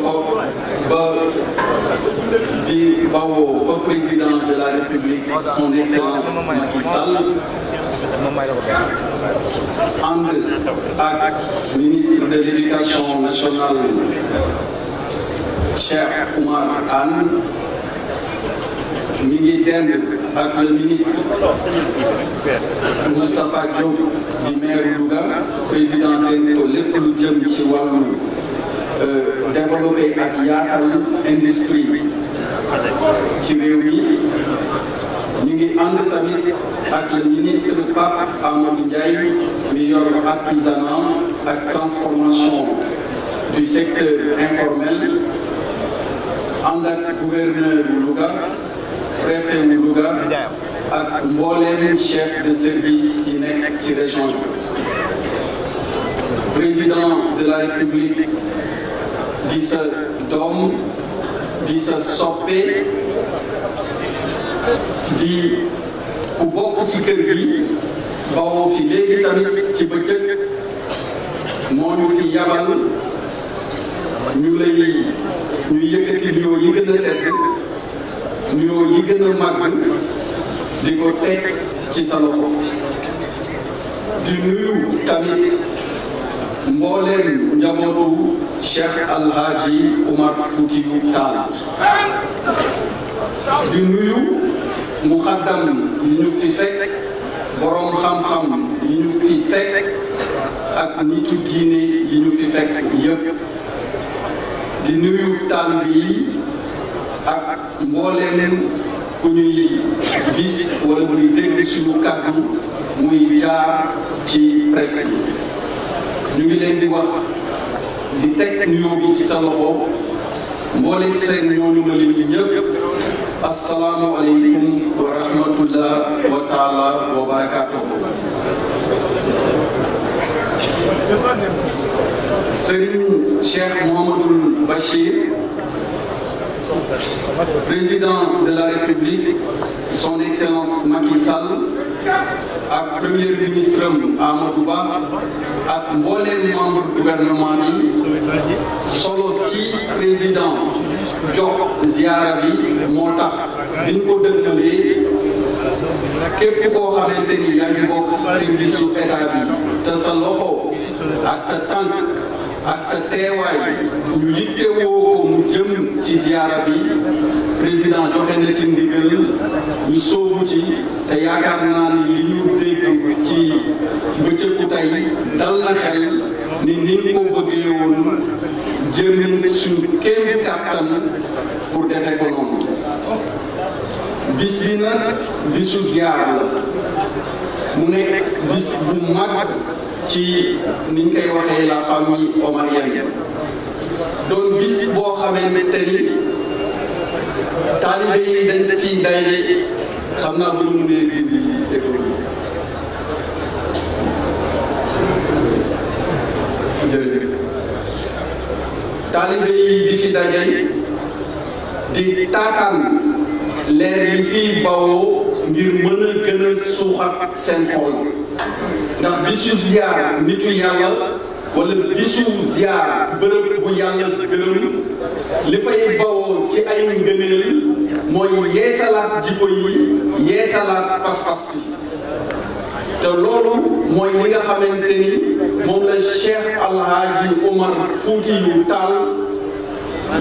président de la République son excellence ministre de l'éducation nationale cher Oumar avec le ministre Moustapha Diop du maire Louga président de ko de lu jëm ci wàllu euh, développé à Yakarou industrie ci nous avons le ministre Pape Amadou Ndiaye meilleur artisanat et transformation du secteur informel tant que gouverneur Louga préfet wu Louga ak mbooleem chef de service yi nekk ci région président de la république di sa doom di sa soppe di ku bokk ci kër gi bawoo fi léegi tamit ci bëccëg fi yabal ñu lay ñu yëkkati nuyoo gën a tedd nuyoo yi gën a màgg di ko teg ci sa loxo di nuyu tamit mbooleem njabootu Cheikh Al Hadji Oumar Foutiyou Tall di nuyu muxaddam yi ñu fi fekk boroom xam-xam yi ñu fi fekk ak nitu diine yi ñu fi fekk yëpp di nuyu taalibe yi ak mbooleem ku ñuy gis wala muy dégg suñu kàddu muy jaar ci presse bi ñu ngi leen di wax di teg nuyoo bi ci sa loxo mboole seen ñooñu ma lim ñëpp asalaamualeykum wa rahmatullah wa taala wa barakatuhu Serigne Cheikh Mouhamadoul Bachir président de la République, son Excellence Macky Sall premier ministre Amadouba, à les membres du gouvernement solo président Djok Ziarabi Mota, que tax service l'État, te loco, lu ci ziara bi président joxe na ci ndigal ñu sóobu ci te yaakaar naa ne li ñu dégg ci bëccëgu tey dal na xel ni ni ko bëggee woon jëm suñu kéem kàttan pour defee ko noonu bis bi nag bisu ziara la mu nekk bis bu mag ci niñ koy waxee la famille omarienne doon bis boo xamante ni taalibe yi dañ fi daje xam naa bu ñu mënee bind économie jërëjëf taalibe yi di fi daje di taataan leer yi fii bawoo ngir mën a gën a suuxat seen xol ndax bisu ziar nitu yàlla wala bisu ziar bërëb bu yàlla gërëm li fay bawoo ci ay ngëneel mooy yeesalaat jikko yi yeesalaat pas bi te loolu mooy li nga xamante ni moom la Cheikh Alhaji Omar Foutiyou Tall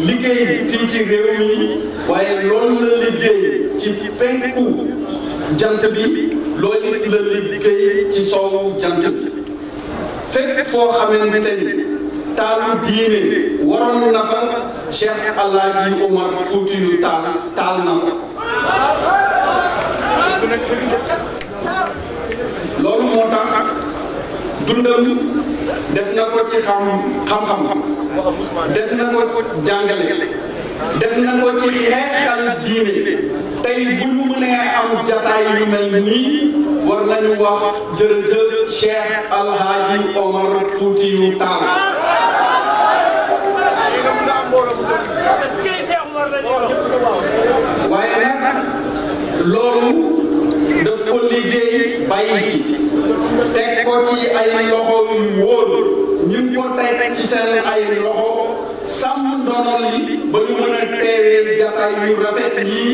liggéey fii ci réew mi waaye loolu la liggéey ci penku jant bi loolu la liggéey ci soowu jant bi fépp koo xamante ni taalu diine waroon na fa Cheikh Alaaji Omar Fuutiyu Taal taal na ko loolu moo tax dundam def na ko ci xam xam-xam def na ko ci jàngale def na ko ci xeexal diine tey bu ñu mënee am jataay yu mel nii war nañu wax jërëjëf Cheikh Alhaji Omar Foutiyou Tall. waaye nag loolu daf ko liggéey bàyyi ci teg ko ci ay loxo yu wóor ñu ngi ko teg ci seen ay loxo sàmm ndonol yi ba ñu mën a teewee jataay yu rafet yi.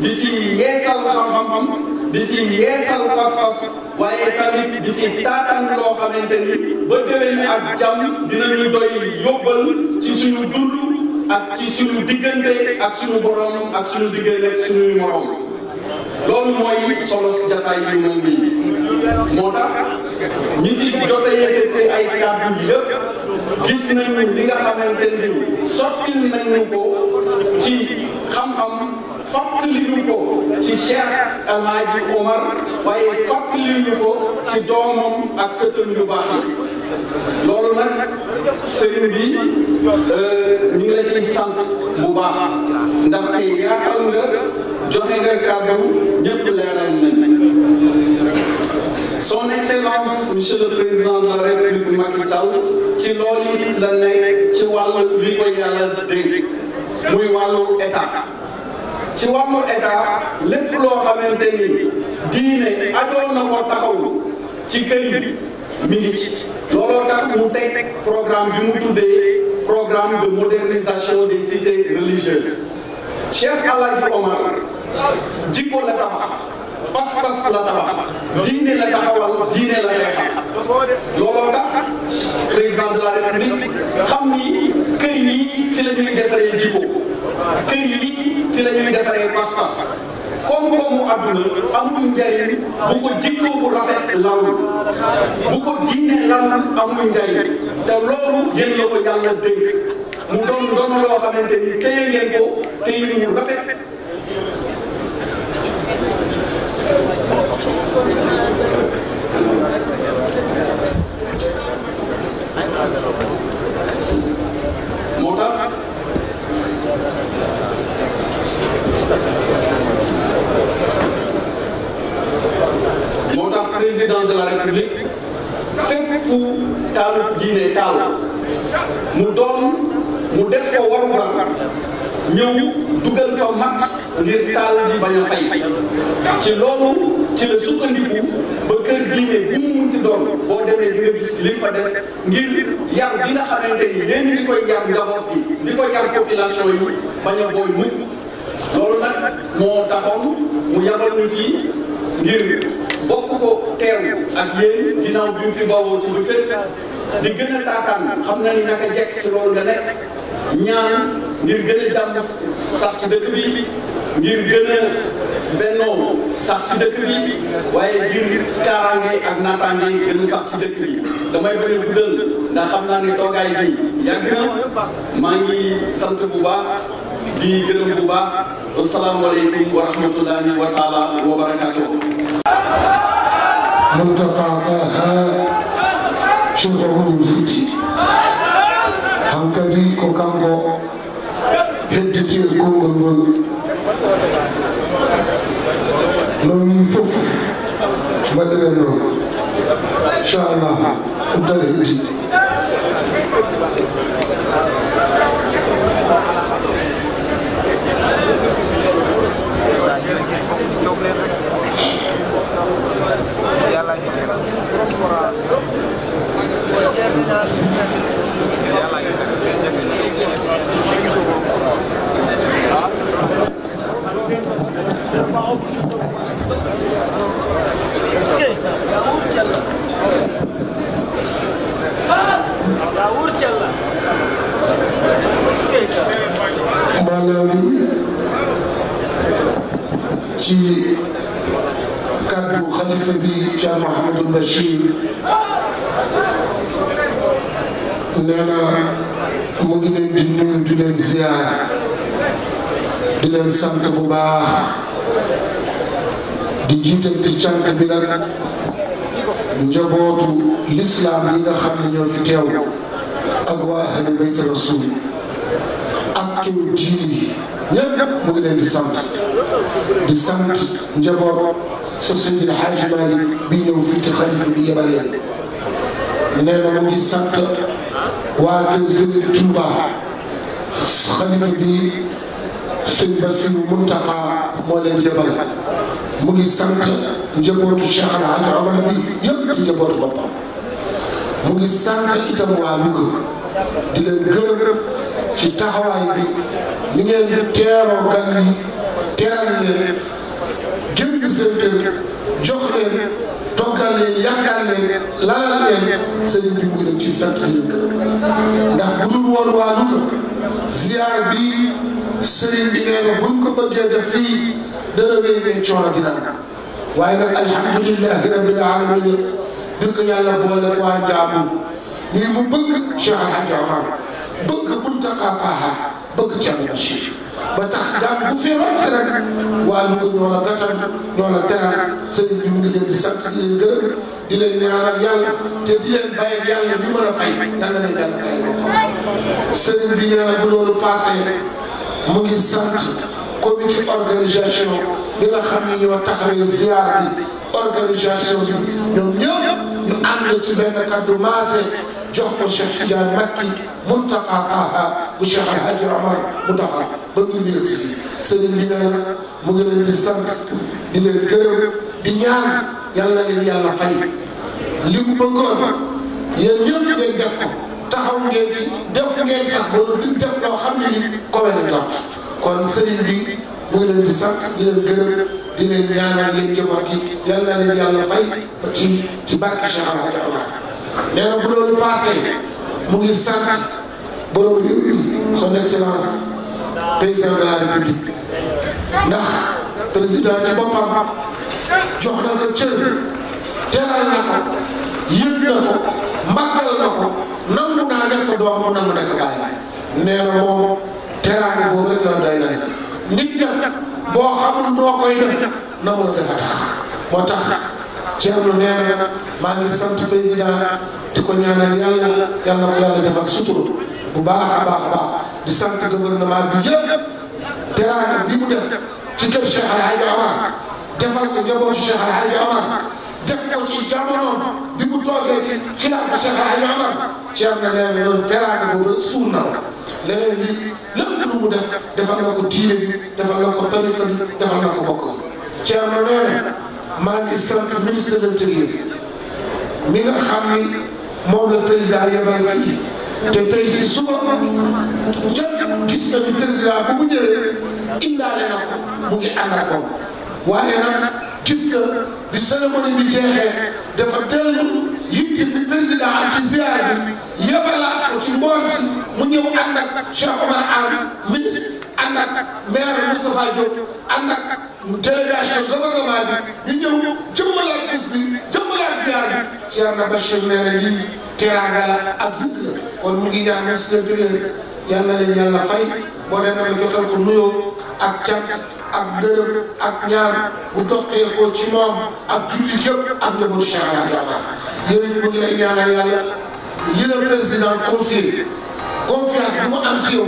di fi yeesal xam-xam di fi yeesal pas waaye tamit di fi taataan loo xamante ni ba déwén ak jàmm dinañu doy yóbbal ci suñu dund ak ci suñu diggante ak suñu ak suñu diggante ak suñuy morom loolu mooy solo moo tax ñi fi jot a yëkkate ay kàddu yëpp gis nañu li nga xamante ni sottil nañu ko ci xam-xam. fàttaliñu ko ci Cheikh El Hadji Omar waaye fàttaliñu ko ci doomam ak sëtam yu baax lool loolu sëriñ bi euh, ñu ngi la ciy sant bu baax ndax tey yaatal nga joxe nga kàddu ñëpp leeral nañ son excellence monsieur le président de la république Macky Sall ci loolu la nekk ci wàllu li ko yàlla dénk muy wàllu état ci vous état lépp diine na ko ci programme programme de modernisation des cités religieuses Cheikh Omar jikko la tabax pas-pas la tabax diine la taxawal diine la président de la république xam ni kër yi fi la ñuy defaree pas-pas koom-koomu adduna amul njariñ bu ko jikko bu rafet lawul bu ko diine lawul amul njariñ te loolu yéen ko yàlla dénk mu doon doon loo xamante ni téye ngeen ko téye mu rafet. président de la république fépp fu taalu diine taal mu doon mu def ko waru war ñëw dugal fa mat ngir taal bi bañ a fay ci loolu ci la sukkandiku ba kër diine bi mu munti doon boo demee di nga gis li fa def ngir yar bi nga xamante ni yéen di koy yar njaboot bi di ko yar population yi bañ a booy mukk loolu nag moo taxoon mu yabal ñu fii ngir bokk ko teew ak yéen ginnaaw bi mu fi bawoo ci lu tëdd di gën a taataan xam na ni naka jekk ci loolu la nekk ñaan ngir gën a jàmm sax ci dëkk bi ngir gën a bennoo sax ci dëkk bi waaye ngir kaaraange ak naataange gën a sax ci dëkk bi damay bañ a guddal ndax xam naa ni toogaay bi yàgg na maa ngi sant bu baax. di gërëm bu baax asalaamaaleykum wa rahmatullahi wa taala wa barakaatuhu. Mountaga Daha Cheikh Oumar Fouti hankkadi ko kanko hedditi e konngol ngol no wii fof mbaɗiren ɗon inchallah ɗum tan heddi Cheikh Mouhamadou Bachir nee na mu ngi leen di di leen ziyaara di leen sant bu baax di jiital ci cant bi nag njabootu lislaam yi nga xam ne ñoo fi teew ak waa ahlu bayt rasul ak kéw diini ñépp mu ngi leen di sant di sant njaboot sa Seydil Hadji Malick bi ñëw fii ci xalifa bi yebal leen nee na mu ngi sant waa kër Serigne Touba xalifa bi Serigne Bassirou Mountakha moo leen yebal mu ngi sant njabootu Cheikh El Hadj Omar bi yëpp di njabootu boppam mu ngi sant itam waa Louga di leen gërëm ci taxawaay bi ni ngeen teeroo gan yi teral leen. ubbi seen kër jox leen toggal leen yàkkal leen lalal leen bi mu leen ci sant di leen gërëm ndax bu dul woon waa Louga ziar bi nee na buñ ko bëggee def fii dana wéy ne coono dina waaye nag alhamdulilahi rabbil alamin dëkk yàlla boole waa Njaabu ñu mu bëgg Cheikh Alhaji Omar bëgg Muntaqa Taha bëgg Thierno Bachir ba tax jàmm bu feebar rek waa Louga ñoo la gàttal ñoo la teral bi mu ngi leen di sant di leen gërëm di leen ñaanal yàlla te di leen bàyyi ak yàlla ñu mën a fay yàlla na yàlla fay boppam bi nee na bu loolu passé mu ngi sant comité organisation bi nga xam ne ñoo taxawee ziar bi organisation bi ñoom ñu ànd ci benn kàddu maase jox ko Cheikh Tidiane Makki Muntaqa Taha bu Cheikh El Hadj Omar mu doxal ba tur bi si fii sëriñ bi nee na mu ngi leen di sant di leen gërëm di ñaan yàlla leen yàlla fay li mu bëggoon yéen ñëpp ngeen def ko taxaw ngeen ci def ngeen sax ba lu def loo xam ne ni ko wér njort kon bi. mu ngi leen di sant di leen gërëm di leen ñaanal yéen njaboot gi ci ci barke Cheikh Ahmad bu loolu passé mu ngi sant borom réew mi son excellence président de la république ndax président ci boppam jox na ko cër teral na ko yëg na ko màggal na ko nangu naa nekk doom mu nangu nekk nit nag boo xamul noo koy def na mu la dafa tax moo tax Thierno nee na maa ngi sant président di ko ñaanal yàlla yàlla ko yàlla defal sutura bu baax a baax a baax di sant gouvernement bi yëpp teraanga bi mu def ci kër Cheikh El Hadj Omar defal ko njabootu Cheikh El Hadj Omar def ko ci jamono bi mu toogee ci xilaafu Cheikh El Hadj Omar Thierno nee na loolu teraanga boobu suur na la. leneen li lépp lu mu def defal na ko diine bi defal na ko tariqa bi defal na ko bokkam Thierno nee na maa ngi sant ministre de l'intérieur mi nga xam ni moom la président yebal fii te tey si suba ñëpp gis nañu président bu mu ñëwee indaale na ko mu ngi ànd ak moom waaye nag gis nga di cérémonie bi jeexee dafa dellu yitte bi président ci ziar bi yebalaat ko ci ngoon si mu ñëw ànd ak Cheikh Omar Anne ministre ànd ak maire Moustapha Diop ànd ak délégation gouvernement bi ñu ñëw jëmmalaat bis bi jëmmalaat ziar bi Thierno Bachir nee na teraanga la ak yëg la kon mu ngi ñaan yal na leen yàlla fay boo demee nga jotal ko nuyoo ak cant ak gërëm ak ñaan bu doqee ko ci moom ak jullit yëpp ak njabootu Cheikh Alhaji Omar yéen mu ngi lay ñaanal yàlla li la président confié confiance bu mu am si yow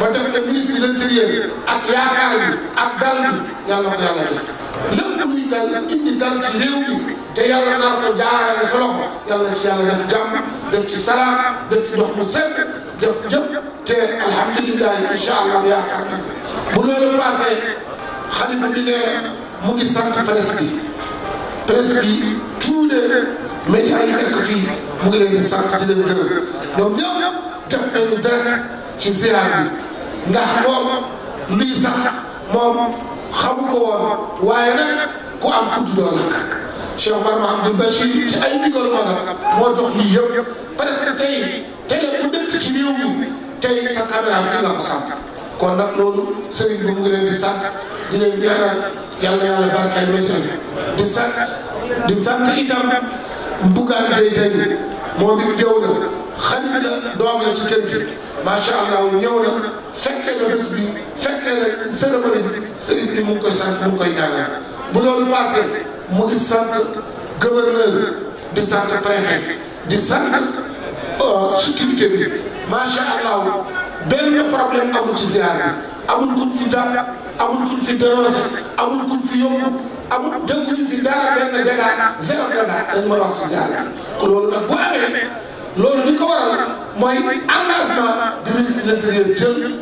ba def le ministre de l'intérieur ak bi ak dal bi yàlla ko yàlla def lépp luy dal indi dal ci réew mi te yàlla nar ko jaarale sa loxo yàlla ci yàlla def jàmm def ci salaam def ci ndox mu set def jëpp te alhamdulilah incha allah yaakaar nañ bu loolu passé xalifa bi nee mu ngi sant presse bi presse bi tous les médias yi nekk fii mu ngi leen di sant di leen gërëm ñoom ñëpp def nañu direct ci ziar bi ndax moom luy sax moom. xamu ko woon waaye nag ku am ku juddoo lakk Cheikh Omar Mahamadou Bachir ci ay ndigal magam moo jox lii yëpp parce que tey télé bu dëkk ci réew mi tey sa caméra fii nga ko sàmm kon nag loolu sëriñ bi mu ngi leen di sant di leen ñaanal yàlla yàlla barkeel météo di sant di sant itam mbugaan day dañ moom it ñëw na xarit la doom la ci kër gi macha allah ñëw la fekkee na bés bi fekkee na cérémonie bi sëriñ bi mu ngi koy sant mu ngi koy ñaanal bu loolu passé mu ngi sant gouverneur di sant préfet di sant euh, sécurité bi macha allah. benn problème amul ci ziar bi amul kuñ fi jàpp amul kuñ fi dénoncé amul kuñ fi yóbbu amul dégguñu fi dara benn dégât zéro dégât dañ mën a wax ci ziar bi loolu nag bu amee loolu li ko waral mooy engagement du ministre de l'intérieur jël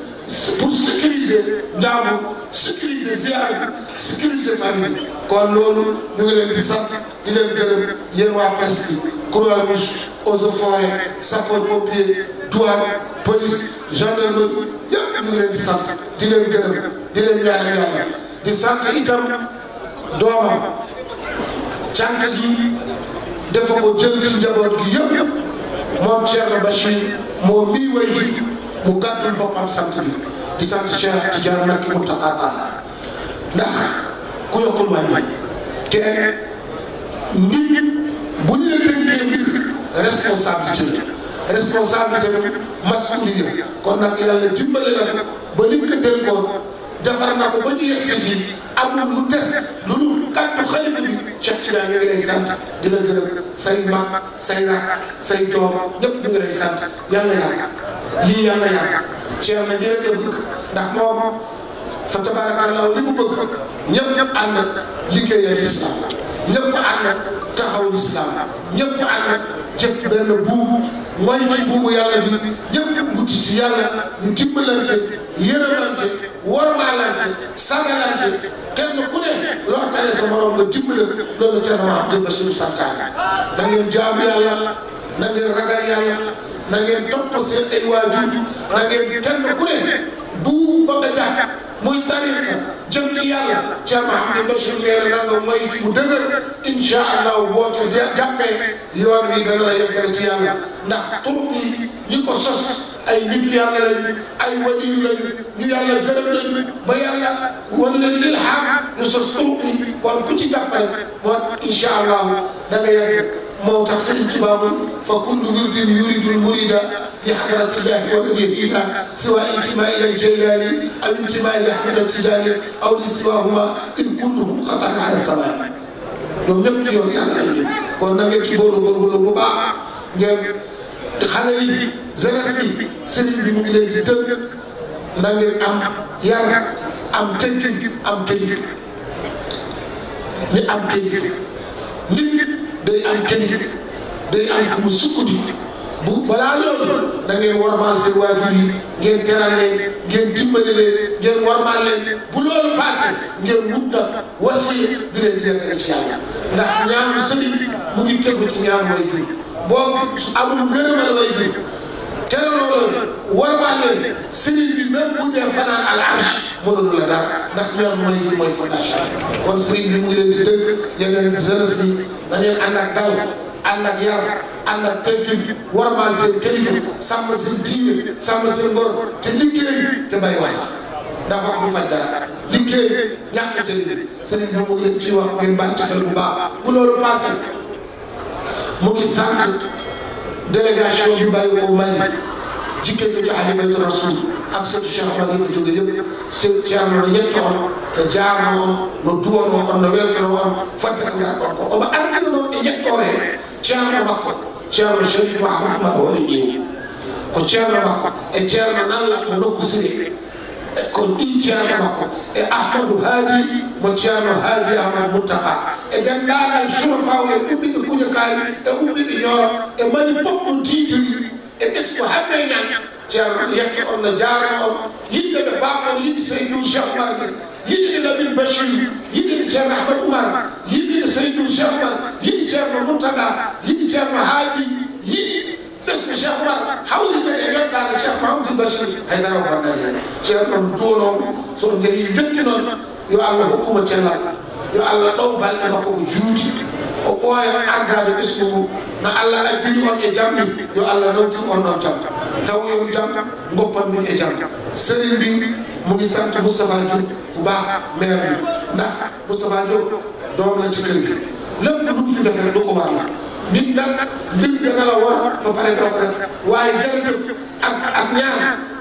pour sécuriser ndaamu sécuriser ziar bi sécuriser famille bi kon loolu ñu ngi leen di sant di leen gërëm yéen waa presse bi Croix-Rouge eaux forêts sapeurs pompiers tubaab police gendarmerie yëpp ñu ngi leen sant di leen gërëm di leen di sant itam doomam cànq gi dafa ko jël ci njaboot yëpp moom Thierno Bachir moo mii way ji mu gàddul boppam sant bi di sant Cheikh Tidiane Macky Mountakha Tall ndax ku yokkul wàññi te nit bu ñu la dénkee mbir responsabilité bi masculité kon nag yàlla dimbale na ba liñ ko dénkoon defar na ko ba ñu yegsi fii amul lu des lu nu kàddu xalifa bi Cheikh Tidiane ñu ngi lay sant di la gërëm say mag say rakk say doom ñëpp ñu ngi lay sant yàlla yàgg lii yàlla yàgg Cheikh na ñu rek la bëgg ndax moom fa tabaarakallahu li mu bëgg ñëpp ñëpp ànd liggéeyal islam ñëpp ànd ak taxawu lislaam ñëpp ànd ak jëf benn buubu mooy ci buubu yàlla bi ñëpp wuti si yàlla ñu dimbalante yërëmante warmaalante sagalante kenn ku ne loo tane sa morom ga dimbale loolu la ca ma am dëgg suñu santaane na ngeen jaamu yàlla na ngeen ragal yàlla na ngeen topp seen ay waajur na ngeen kenn ku ne bu ba nga jàpp muy tariqa jëm ci yàlla Thierno Mouhamadou Bachir nee na nga may bu dëgër incha allahu boo ca jàppee yoon wi dana la yeggale ci yàlla ndax turuq yi ko sos ay nit yàlla lañu ay waliyu lañu ñu yàlla gërëm lañu ba yàlla wan leen lil xaam ñu sos turuq yi kon ku ci jàppale moo incha allahu da nga موت حسن كباب فكل ولد يريد المريد لحضرة الله وبه إيبا سواء انتماء إلى الجيلان أو انتماء إلى أحمد التجان أو لسواهما إن كله قطع على السماء لم نبتي وفي على الأيام قلنا يتبور برب الأبباء نعم خلي زلسي سنين بمقلين جدًا نعم أم يار أم تنكين أم تنكين ni am kayfi nit nit day am kilifa day am fu mu sukkandiku bu balaa loolu da ngeen warmaal seen waajur yi ngeen teral leen ngeen dimbali leen ngeen warmaal leen bu loolu passé ngeen wut nag wasiya bi leen di yeggale ci yàlla ndax ñaanu sëriñ mu ngi tegu ci ñaan waajur boobu su amul ngërëmal waajur teraloo leen warmaal leen sëriñ bi même bu dee fanaan al arsh mënul dara ndax ñoom mooy li mooy fondation kon sëriñ bi mu ngi leen di dëkk yeneen da ngeen ànd ak dal ànd ak yar ànd ak teggin warmaal seen kilifa sàmm seen diine sàmm seen ngor te liggéey te bay waay ndax wax du faj dara liggéey ñàkk jëriñ sëriñ bi mu ngi leen ciy wax ngeen bàyyi ci xel bu baax bu loolu passé mu ngi sant délégation yu bàyyi ko Mali jikkee ko ci Halimatou Rassoul ak sëtu Cheikh Ahmad yi fa jóge yëpp sëtu ceerno no yetto on no jaarno on no duwono on no weltono on fodde ko ngar ɗon ko omo ardina noon e yettore ceerno makko ceerno cheikh mahamadou maka wari ñiw ko ceerno makko e ceerno nalla no nokku siré eko ɗin ceerno makko e ahmadou haadi mo ceerno haadi ahmad moutaha e denndaagal chomafaw e ɓumɗiɓe kuño kaari e ɓumɗiɓe ñoro e mani pop ɗo titiri e ɓesko hamme ñan ceerno ɗo yetto on no jaarno on yidde ɓe baamon yiɗi seydou cheikh omar ge yiɗi ɗe lamin bachir yiɗi ɗe ceerno ahmad oumar yiɗi ɗe seydou cheikh omar yiɗi ceerno moutaha yiɗi ceerno haadi yiɗi bés bi Cheikh Oumar hawride e yettade Cheikh Mahamadou Bachir haydara o bannani hen ceerno joonomo so jeeyi jotti noon yo allah hokkuma cellal yo allah ɗow balɗe makko ko juuti o ɓooya ardade ɓesgu ngu no allah addiri on e jamɗi yo allah nawtiri on noon jam taw yon jam goppan min e jam sëriñ mbi mu ngi sant Moustapha Diop bu baax maire bi ndax Moustapha Diop doom la ci kër gi lépp lu mu fi def rek du ko war la nit nag a dana la war ba pare doo ko def waaye jërëjëf a ak ñaar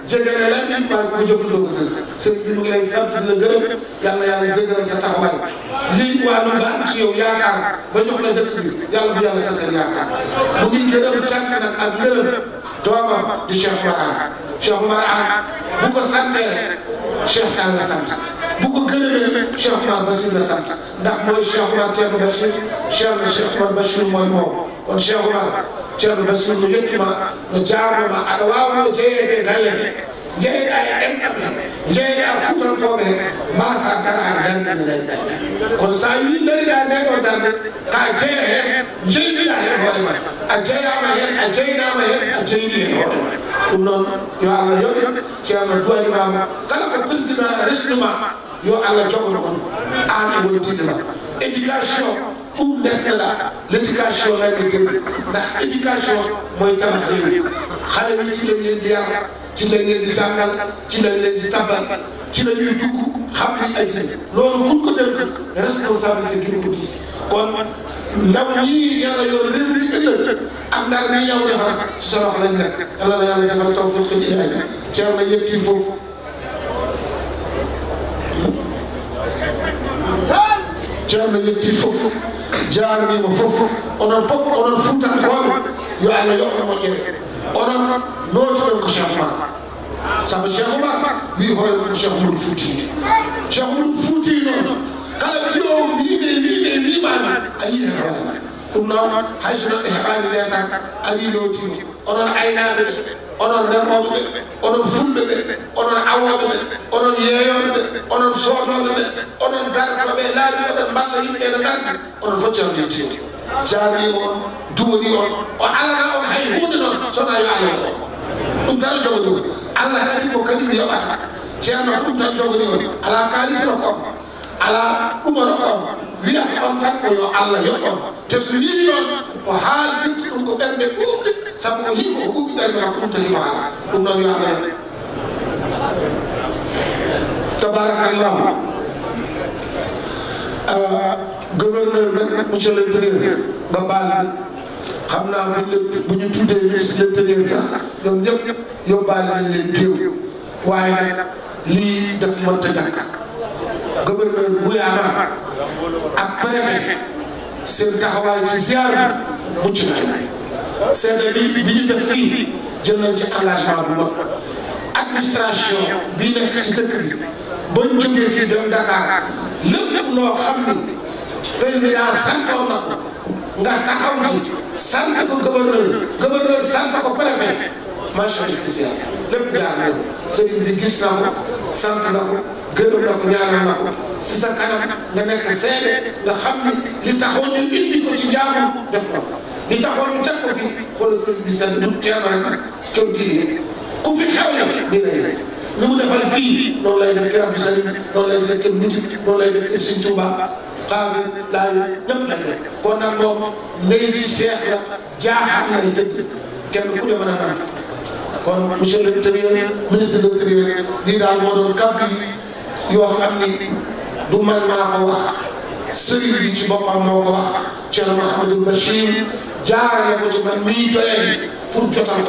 jege a la waaye bu ko jëfandoo ko dëgg sëriñ bi mu ngi lay sant di la gërëm yàlla yàlla dëgëral sa taxawaay lii waa lu nga am ci yow ba jox la dëkk bi yàlla bi yàlla tasal yaakaar mu ngi gërëm cant nag gërëm. doomam di Cheikh Oumar Cheikh Oumar bu ko sante Cheikh tanga sante bu ko gërëmee Cheikh Oumar Bachir la sante ndax moy Cheikh Oumar Thierno Bachir Cheikh Cheikh Oumar Bachir moy mom kon Cheikh Oumar Thierno Bachir no yettuma no jaarnoma ak waawno jeeyede galle he jeyɗa e ɗemɗo ɓe jeyɗa futantoɓe mbasa tan ha darde nde dañɗa kono sa wi dañɗa nde ɗo darde ka jeeya hen jeyɗiɗa hen hoore ma a jeeyama hen a jeynama hen a jeyni hen hoore ma ɗum noon yo allah yoɓe ceerno duwanimama kala ko président resnuma yo allah jogono on an e wontiɗe ma éducation pour des que là l'éducation la ñu gën ndax éducation mooy tabax réew xale yi ci lañ leen yar ci lañ leen di jàngal ci lañ leen tabal ci la ñuy dugg xam li loolu buñ ko dénk responsabilité gën ko diis kon ndaw ñii yàlla yor réew mi ëllëg ak ndar mi yow defar ci sa loxo lañ nekk yàlla la yàlla defal tawfiq ilaahi ceer na yëpp kii foofu ceerno yetti fof jaarnima fof onon pop onon fuutankoɓe yo allah yoɓɓe moƴƴere onon nootiɗon ko cheikh ma saabu cheikh oumar wi hoore mum ko cheikh oumar fuutide cheikh oumar fuuti noon kala mbiyowo mbiɓe wiɓe wimani a yii hen hoore ma ɗum noon hayso neɗɗo heɓani netan ari lowtino onon aynaɓe ɗe onon remoɓeɓe onon fulɓeɓe onon awoɓeɓe onon yeeyoɓeɓe onon sodoɓeɓe onon dartoɓe laabi oɗon mballa yimɓeɓe ɗarde onon foccihamdiyetiyo jarni e e on duwoni on o alana on hay hunde noon sona yo allah yoɓo e ɗum tan o jogoni on allah kadi ko kañum yoɓata ceerno ko ɗum tan jogoni on ala kalisro ko on ala ɗumoro ko on wiya on tan ko yo allah yoɓon te so wii ɗon o haaldirta ɗum ko ɓernde ɓuuɓde sabu o ko o ɓuuɓi ɓernde makko ɗum tagi o haala ɗum noon yo allah tabarakallahu euh, gouverneur men monsieur l' intérieur nga baal xam naa buñ leen bu ñu tuddee ministre l' intérieur sax ñoom ñëpp yóbbaale nañ leen géew waaye nag lii daf mënta ñàkk gouverneur Bouyamba ak préfet seen taxawaay ci ziar bi mucc na seede bi bi ñu def fii jël nañ ci engagement bu bi nekk ci dëkk bi bañ jógee fii dem Dakar lépp loo xam ni président santoon na nga taxaw ci sant ko gouverneur gouverneur sant ko préfet mention spéciale lépp jaar na bi gis na sant na ko gërëm na ko ñaanal na ko si sa kanam nga nekk seede nga xam ni li taxoon ñu indi ko ci jaamu def na ko li taxoon ñu teg ko fi xoolal sëriñ bi seen du teel rek kër diine ku fi xew la lii lay def lu mu defal fii noonu lay def kër Abdou Salim noonu lay def kër Mouti noonu lay def kër Sëriñ Tuubaa xaaral laay ñëpp lay def kon nag moom ndey di seex la jaaxal lay tëdd kenn ku ne mën a nàmp kon monsieur le ministre de l'Intérieur lii daal moo doon kàddu yi yoo xam ni du man maa ko wax sëriñ bi ci boppam moo ko wax Cheikh Mahamadou Bachir jaarale ko ci man miy doyal pour jotal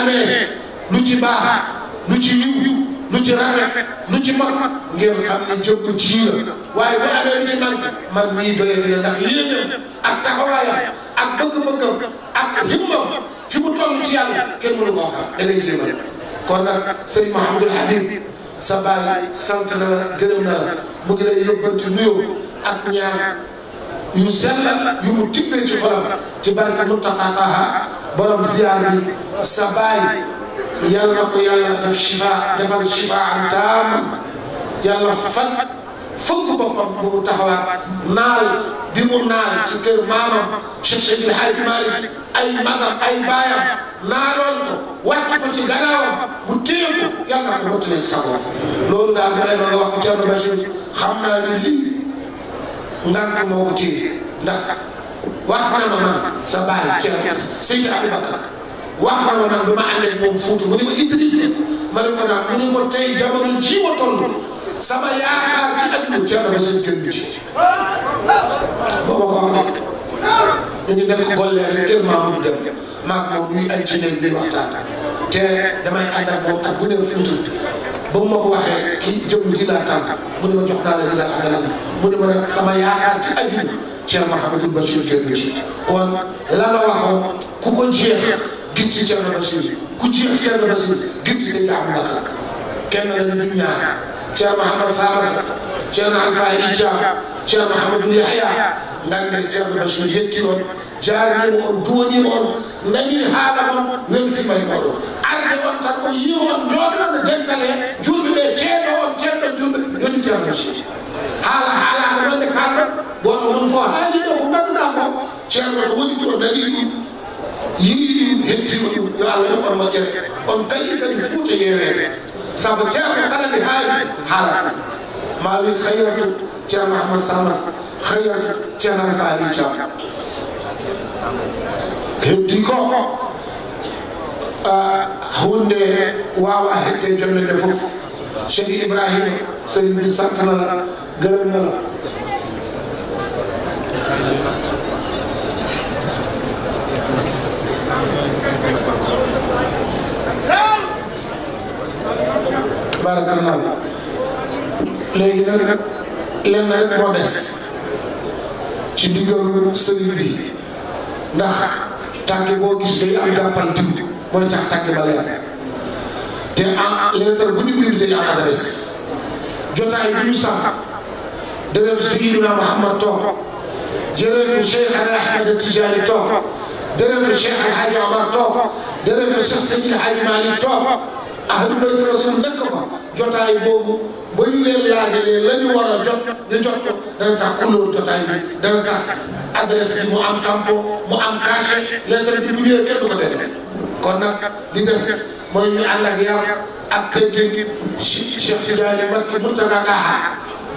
amee lu ci baax lu ci yiw lu ci rafet lu ci mag ngeen xam ne jëmm ji waaye bu amee lu ci mag man miy doyal la ndax yéenam ak taxawaayam ak bëgg-bëggam ak himmam fi mu toll ci yàlla kenn mënu koo xam da ngay jéemal kon nag sëriñ Mahamadou Habib sa baay sant na la gërëm na la ak ñaan yu sell yu mu tibbee ci xolam ci barke Muntaqa Taha borom ziar bi sa baay yàlla na ko yàlla def shifa defal shifa am taam yàlla fukk boppam bu mu taxawaat naal bi mu naal ci kër maamam Cheikh Seydi El Hadji Malick ay magam ay baayam naaloon ko wàcc ko ci gannaawam mu téye ko yàlla ko mottalee sa bopp loolu daal bi ma nga wax Thierno Bachir xam naa ni lii ngant moo ko téye ndax wax na ma man sa baay Thierno Seydi Aboubacar wax na ma man bi ma àndee moom Fuuta mu ne ma Idrissa ma ne ko naan mu ne tey jamono ji ma toll sama yaakaar ci àdduna Thierno Bachir Gueye bi booba ko xam ñu ngi nekk Gollé rek mu dem maag moom ñuy ci nekk ñuy waxtaan mu ji jox sama yaakaar ci àdduna Thierno kon la ma ku ko jeex gis ci Thierno Bachir ku jeex Thierno gis ci Seydi Aboubacar kenn lañu du ceerno mahamado samasa ceerno alfahi ija ceerno mahamadou yahya ganden ceerno basir yetti on jaarnima on duwonima on nani haala on webtima e moɗo arde on tan o yi on joɗnono dental he juuɓeɓe ceeno on ceerno juuɓe yoni ceerno basir haala haalaka nonde kalɗon goto mon fo haaliɗo ko ganduɗa ko ceerno to woni o nani ɗum yii ɗum hettima ɗum yo allah yoɓon moƴƴere on tagui kadi fuuta yewede saabu ceerno kaɗa mi haali haalat ma wi hayyatu ceerno ahmad samas hayyatu ceernan faali jam heddi ko ah, hunde wawa hedde jonde nde fof cheri ibrahima sëriñ bi santanala gërëm nala tabaarakallaa léegi nag lenn rek moo des ci diggalu sëriñ bi ndax tànk boo gis day am jàppal diw mooy tax tànk ba leer te en lettre bu ñu bind day am adresse jotaay bu ñu sax deret Sayyidina Muhammad toog jëreetu Cheikh Al Ahmed Tijaani toog dëretu Cheikh El Hadj Omar toog dëretu Cheikh Seydil Hadj Malick toog ahlu bayti rasul nekk fa jotaay boobu ba ñu leen laajalee la ñu war a jot ñu jot ko dana tax kulloolu jotaay bi dana tax adresse bi mu am tampon mu am cachet lettre bi bu ñëwee kenn du ko delloo kon nag li des mooy ñu ànd ak yar ak teggin Cheikh Tidiane Mbacké Mountaga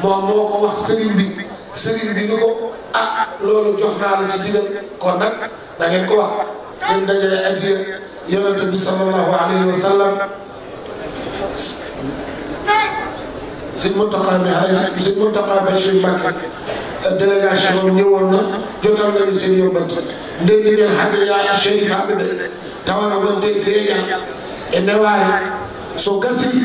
moo ko wax sëriñ bi sëriñ bi ni ko ah loolu jox naa la ci digal kon nag da ko wax ngeen dajale addiya yonent bi sallallahu alayhi wa sallam sëñ Mountakha mi ay sëñ Mountakha Bachir Mbacké délégation am ñëwoon na jotal nañu seen yóbbant ndéndi ngeen hade ya chérif aɓe ɓe tawana wonde deeƴa e ndewaari so gasi